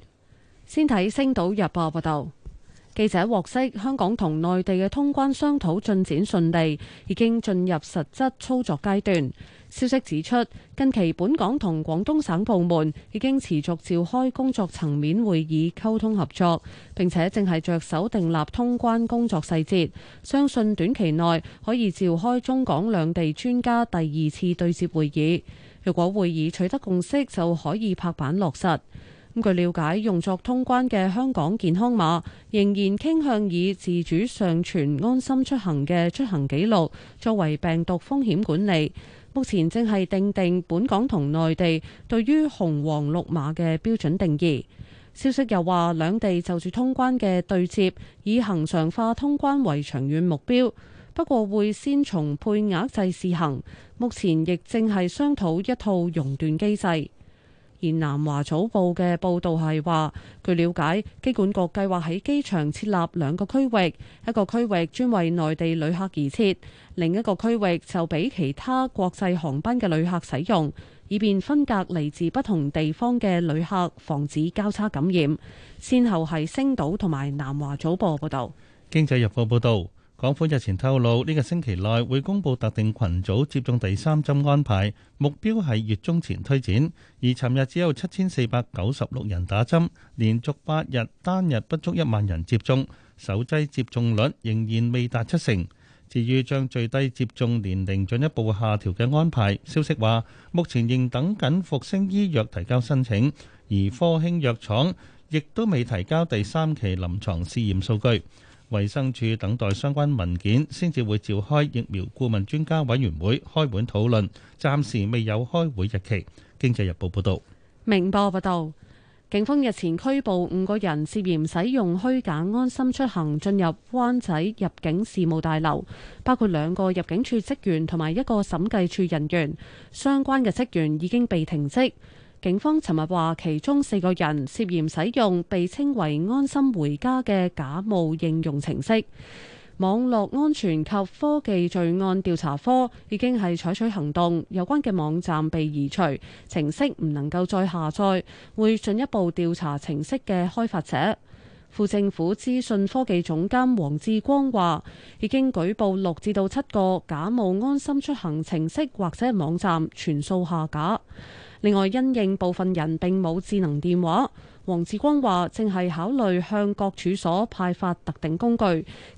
先睇《星島日報》報道。記者獲悉，香港同內地嘅通關商討進展順利，已經進入實質操作階段。消息指出，近期本港同廣東省部門已經持續召開工作層面會議溝通合作，並且正係着手訂立通關工作細節。相信短期內可以召開中港兩地專家第二次對接會議。若果會議取得共識，就可以拍板落實。據了解，用作通關嘅香港健康碼仍然傾向以自主上傳安心出行嘅出行記錄作為病毒風險管理。目前正係訂定本港同內地對於紅黃綠碼嘅標準定義。消息又話，兩地就住通關嘅對接，以恒常化通關為長遠目標。不過會先從配額制試行，目前亦正係商討一套熔斷機制。而南華早報嘅報道係話，據了解，機管局計劃喺機場設立兩個區域，一個區域專為內地旅客而設，另一個區域就俾其他國際航班嘅旅客使用，以便分隔嚟自不同地方嘅旅客，防止交叉感染。先後係星島同埋南華早報報道。經濟日報報道。港府日前透露，呢個星期內會公佈特定群組接種第三針安排，目標係月中前推展。而尋日只有七千四百九十六人打針，連續八日單日不足一萬人接種，首劑接種率仍然未達七成。至於將最低接種年齡進一步下調嘅安排，消息話目前仍等緊復星醫藥提交申請，而科興藥廠亦都未提交第三期臨床試驗數據。衛生署等待相關文件，先至會召開疫苗顧問專家委員會開會討論，暫時未有開會日期。經濟日報報道，明報報道，警方日前拘捕五個人涉嫌使用虛假安心出行進入灣仔入境事務大樓，包括兩個入境處職員同埋一個審計處人員，相關嘅職員已經被停職。警方尋日話，其中四個人涉嫌使用被稱為安心回家嘅假冒應用程式。網絡安全及科技罪案調查科已經係採取行動，有關嘅網站被移除，程式唔能夠再下載。會進一步調查程式嘅開發者。副政府資訊科技總監黃志光話：已經舉報六至到七個假冒安心出行程式或者網站，全數下架。另外，因應部分人並冇智能電話，黃志光話正係考慮向各處所派發特定工具，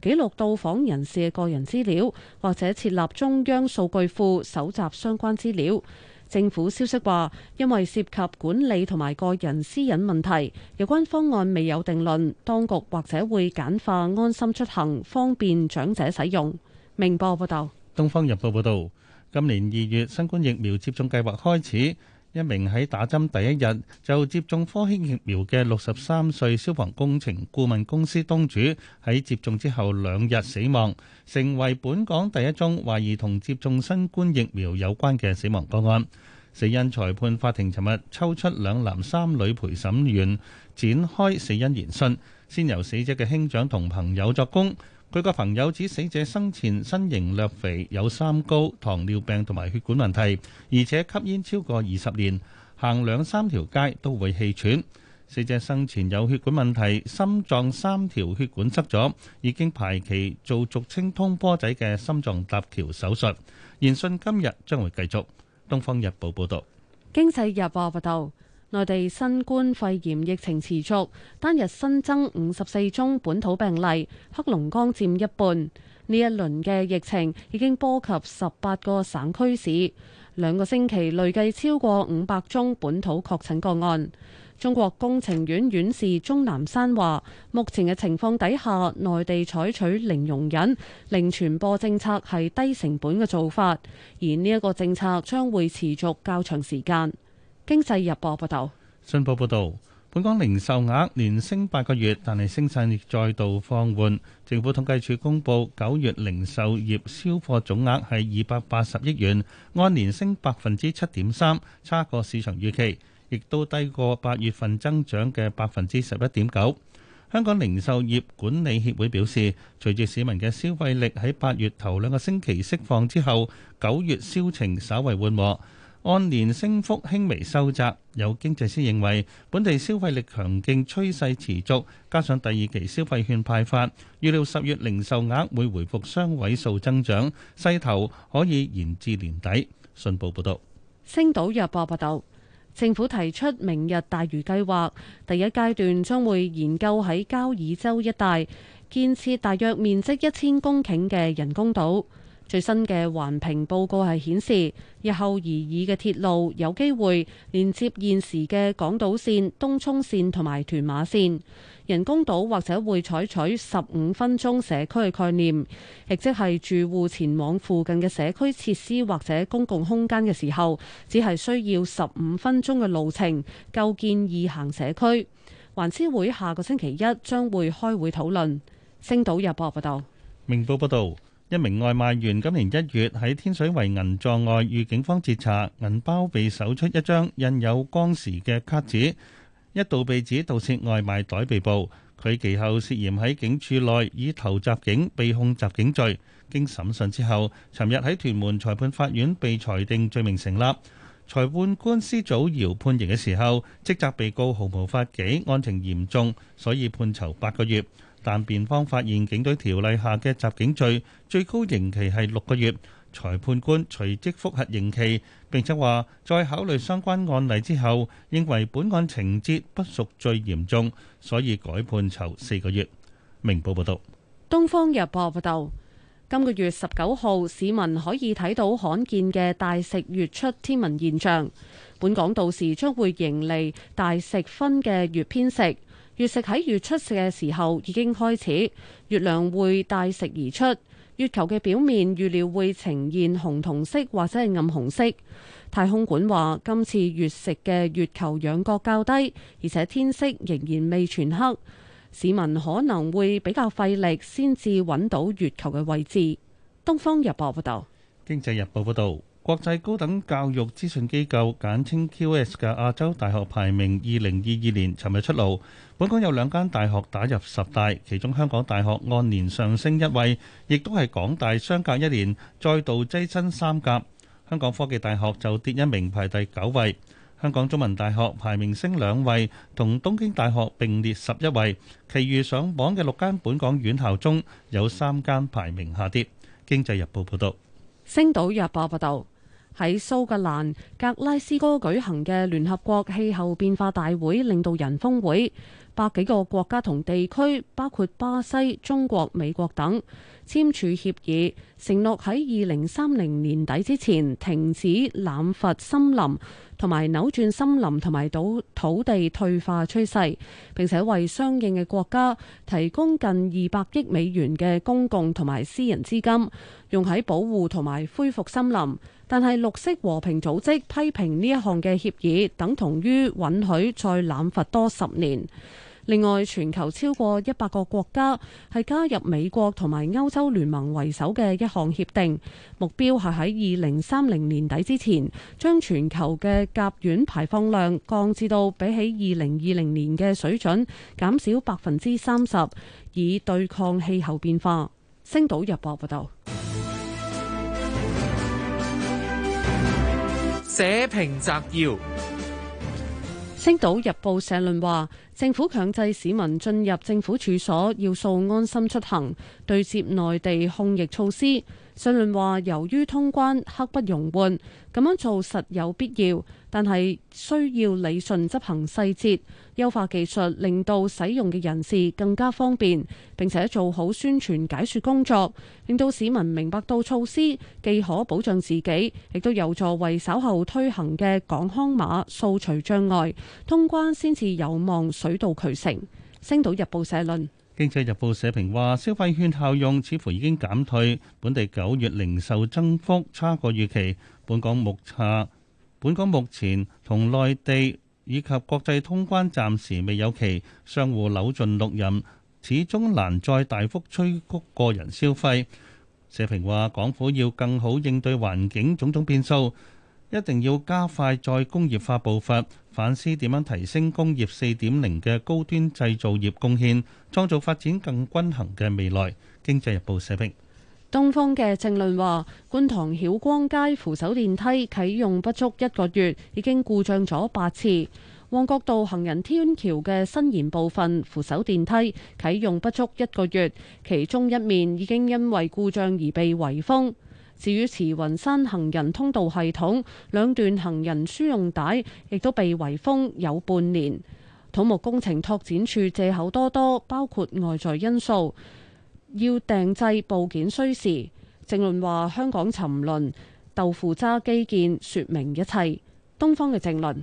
記錄到訪人士嘅個人資料，或者設立中央數據庫搜集相關資料。政府消息話，因為涉及管理同埋個人私隱問題，有關方案未有定論。當局或者會簡化安心出行，方便長者使用。明報報道，東方日報報道，今年二月新冠疫苗接種計劃開始。一名喺打針第一日就接種科興疫苗嘅六十三歲消防工程顧問公司東主，喺接種之後兩日死亡，成為本港第一宗懷疑同接種新冠疫苗有關嘅死亡個案。死因裁判法庭尋日抽出兩男三女陪審員，展開死因研訊，先由死者嘅兄長同朋友作供。佢個朋友指死者生前身形略肥，有三高、糖尿病同埋血管問題，而且吸煙超過二十年，行兩三條街都會氣喘。死者生前有血管問題，心臟三條血管塞咗，已經排期做俗稱通波仔嘅心臟搭橋手術。研訊今日將會繼續。《東方日報》報道。經濟日報報道。內地新冠肺炎疫情持續，單日新增五十四宗本土病例，黑龍江佔一半。呢一輪嘅疫情已經波及十八個省區市，兩個星期累計超過五百宗本土確診個案。中國工程院院士鍾南山話：目前嘅情況底下，內地採取零容忍、零傳播政策係低成本嘅做法，而呢一個政策將會持續較長時間。經濟日報報道，信報報道，本港零售額連升八個月，但係升勢再度放緩。政府統計處公布，九月零售業銷貨總額係二百八十億元，按年升百分之七點三，差過市場預期，亦都低過八月份增長嘅百分之十一點九。香港零售業管理協會表示，隨住市民嘅消費力喺八月頭兩個星期釋放之後，九月銷情稍為緩和。按年升幅輕微收窄，有經濟師認為本地消費力強勁趨勢持續，加上第二期消費券派發，預料十月零售額會回復雙位數增長，勢頭可以延至年底。信報報道。星島日報報道，政府提出明日大嶼計劃，第一階段將會研究喺交椅洲一帶建設大約面積一千公頃嘅人工島。最新嘅環評報告係顯示，日後而已嘅鐵路有機會連接現時嘅港島線、東涌線同埋屯馬線。人工島或者會採取十五分鐘社區嘅概念，亦即係住戶前往附近嘅社區設施或者公共空間嘅時候，只係需要十五分鐘嘅路程，構建易行社區。環諮會下個星期一將會開會討論。星島日報報道。明報報導。一名外賣員今年一月喺天水圍銀座外遇警方截查，銀包被搜出一張印有光時嘅卡紙，一度被指盜竊外賣袋被捕。佢其後涉嫌喺警署內以頭襲警，被控襲警罪。經審訊之後，尋日喺屯門裁判法院被裁定罪名成立。裁判官施祖耀判刑嘅時候，斥責被告毫無法紀，案情嚴重，所以判囚八個月。但辯方發現警隊條例下嘅襲警罪最高刑期係六個月，裁判官隨即覆核刑期，並且話再考慮相關案例之後，認為本案情節不屬最嚴重，所以改判囚四個月。明報報道。東方日報報道，今個月十九號市民可以睇到罕見嘅大食月出天文現象，本港到時將會迎嚟大食分嘅月偏食。月食喺月出食嘅時候已經開始，月亮會帶食而出，月球嘅表面預料會呈現紅銅色或者係暗紅色。太空館話，今次月食嘅月球仰角較低，而且天色仍然未全黑，市民可能會比較費力先至揾到月球嘅位置。《東方日報》報道。《經濟日報》報道，國際高等教育資訊機構簡稱 QS 嘅亞洲大學排名二零二二年尋日出爐。本港有兩間大學打入十大，其中香港大學按年上升一位，亦都係港大相隔一年再度躋身三甲。香港科技大學就跌一名排第九位。香港中文大學排名升兩位，同東京大學並列十一位。其餘上榜嘅六間本港院校中有三間排名下跌。經濟日報報道。星島日報報道喺蘇格蘭格拉斯哥舉行嘅聯合國氣候變化大會領導人峰會。百幾個國家同地區，包括巴西、中國、美國等，簽署協議，承諾喺二零三零年底之前停止濫伐森林，同埋扭轉森林同埋土土地退化趨勢，並且為相應嘅國家提供近二百億美元嘅公共同埋私人資金，用喺保護同埋恢復森林。但係，綠色和平組織批評呢一項嘅協議等同於允許再濫伐多十年。另外，全球超過一百個國家係加入美國同埋歐洲聯盟為首嘅一項協定，目標係喺二零三零年底之前，將全球嘅甲烷排放量降至到比起二零二零年嘅水準減少百分之三十，以對抗氣候變化。星島日報報道。社評摘要，《星島日報》社論話，政府強制市民進入政府處所要掃安心出行，對接內地控疫措施。社論話，由於通關刻不容緩，咁樣做實有必要。但係需要理順執行細節，優化技術，令到使用嘅人士更加方便，並且做好宣傳解說工作，令到市民明白到措施，既可保障自己，亦都有助為稍後推行嘅港康碼掃除障礙，通關先至有望水到渠成。星島日報社論。經濟日報社評話，消費券效用似乎已經減退，本地九月零售增幅差過預期，本港目測。本港目前同內地以及國際通關暫時未有期，相互扭盡六壬，始終難再大幅催谷個人消費。社評話，港府要更好應對環境種種變數，一定要加快再工業化步伐，反思點樣提升工業四點零嘅高端製造業貢獻，創造發展更均衡嘅未來。經濟日報社評。東方嘅正論，話觀塘曉光街扶手電梯啟用不足一個月，已經故障咗八次。旺角道行人天橋嘅伸延部分扶手電梯啟用不足一個月，其中一面已經因為故障而被圍封。至於慈雲山行人通道系統，兩段行人輸送帶亦都被圍封有半年。土木工程拓展處借口多多，包括外在因素。要訂製部件，需時。政論話香港沉淪豆腐渣基建，説明一切。東方嘅政論。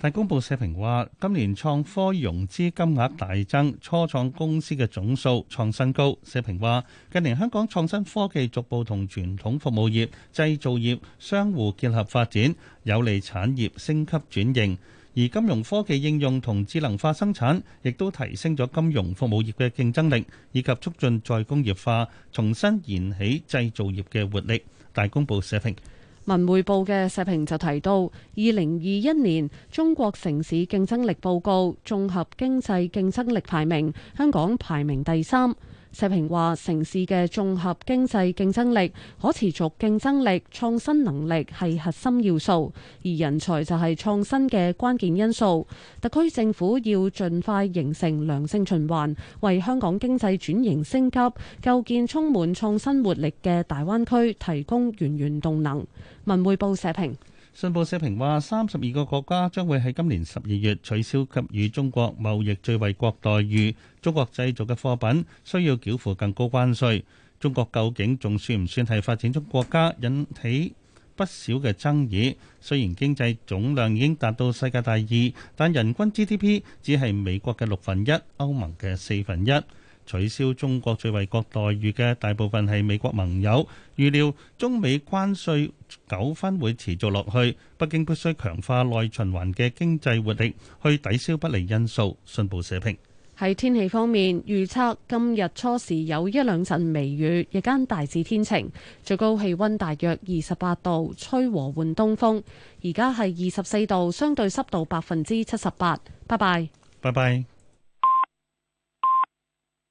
大公報社評話，今年創科融資金額大增，初創公司嘅總數創新高。社評話，近年香港創新科技逐步同傳統服務業、製造業相互結合發展，有利產業升級轉型。而金融科技應用同智能化生產，亦都提升咗金融服務業嘅競爭力，以及促進再工業化，重新燃起製造業嘅活力。大公報社評。文匯報嘅社評就提到，二零二一年中國城市競爭力報告綜合經濟競爭力排名，香港排名第三。社評話：城市嘅綜合經濟競爭力、可持續競爭力、創新能力係核心要素，而人才就係創新嘅關鍵因素。特區政府要盡快形成良性循環，為香港經濟轉型升級、構建充滿創新活力嘅大灣區提供源源動能。文匯報社評。信報社評話：三十二個國家將會喺今年十二月取消給予中國貿易最惠國待遇。中國製造嘅貨品需要繳付更高關稅。中國究竟仲算唔算係發展中國家，引起不少嘅爭議。雖然經濟總量已經達到世界第二，但人均 GDP 只係美國嘅六分一，歐盟嘅四分一。取消中國最惠國待遇嘅大部分係美國盟友，預料中美關稅糾紛會持續落去。北京必須強化內循環嘅經濟活力，去抵消不利因素。信報社評。喺天氣方面，預測今日初時有一兩陣微雨，日間大致天晴，最高氣溫大約二十八度，吹和緩東風。而家係二十四度，相對濕度百分之七十八。拜拜，拜拜。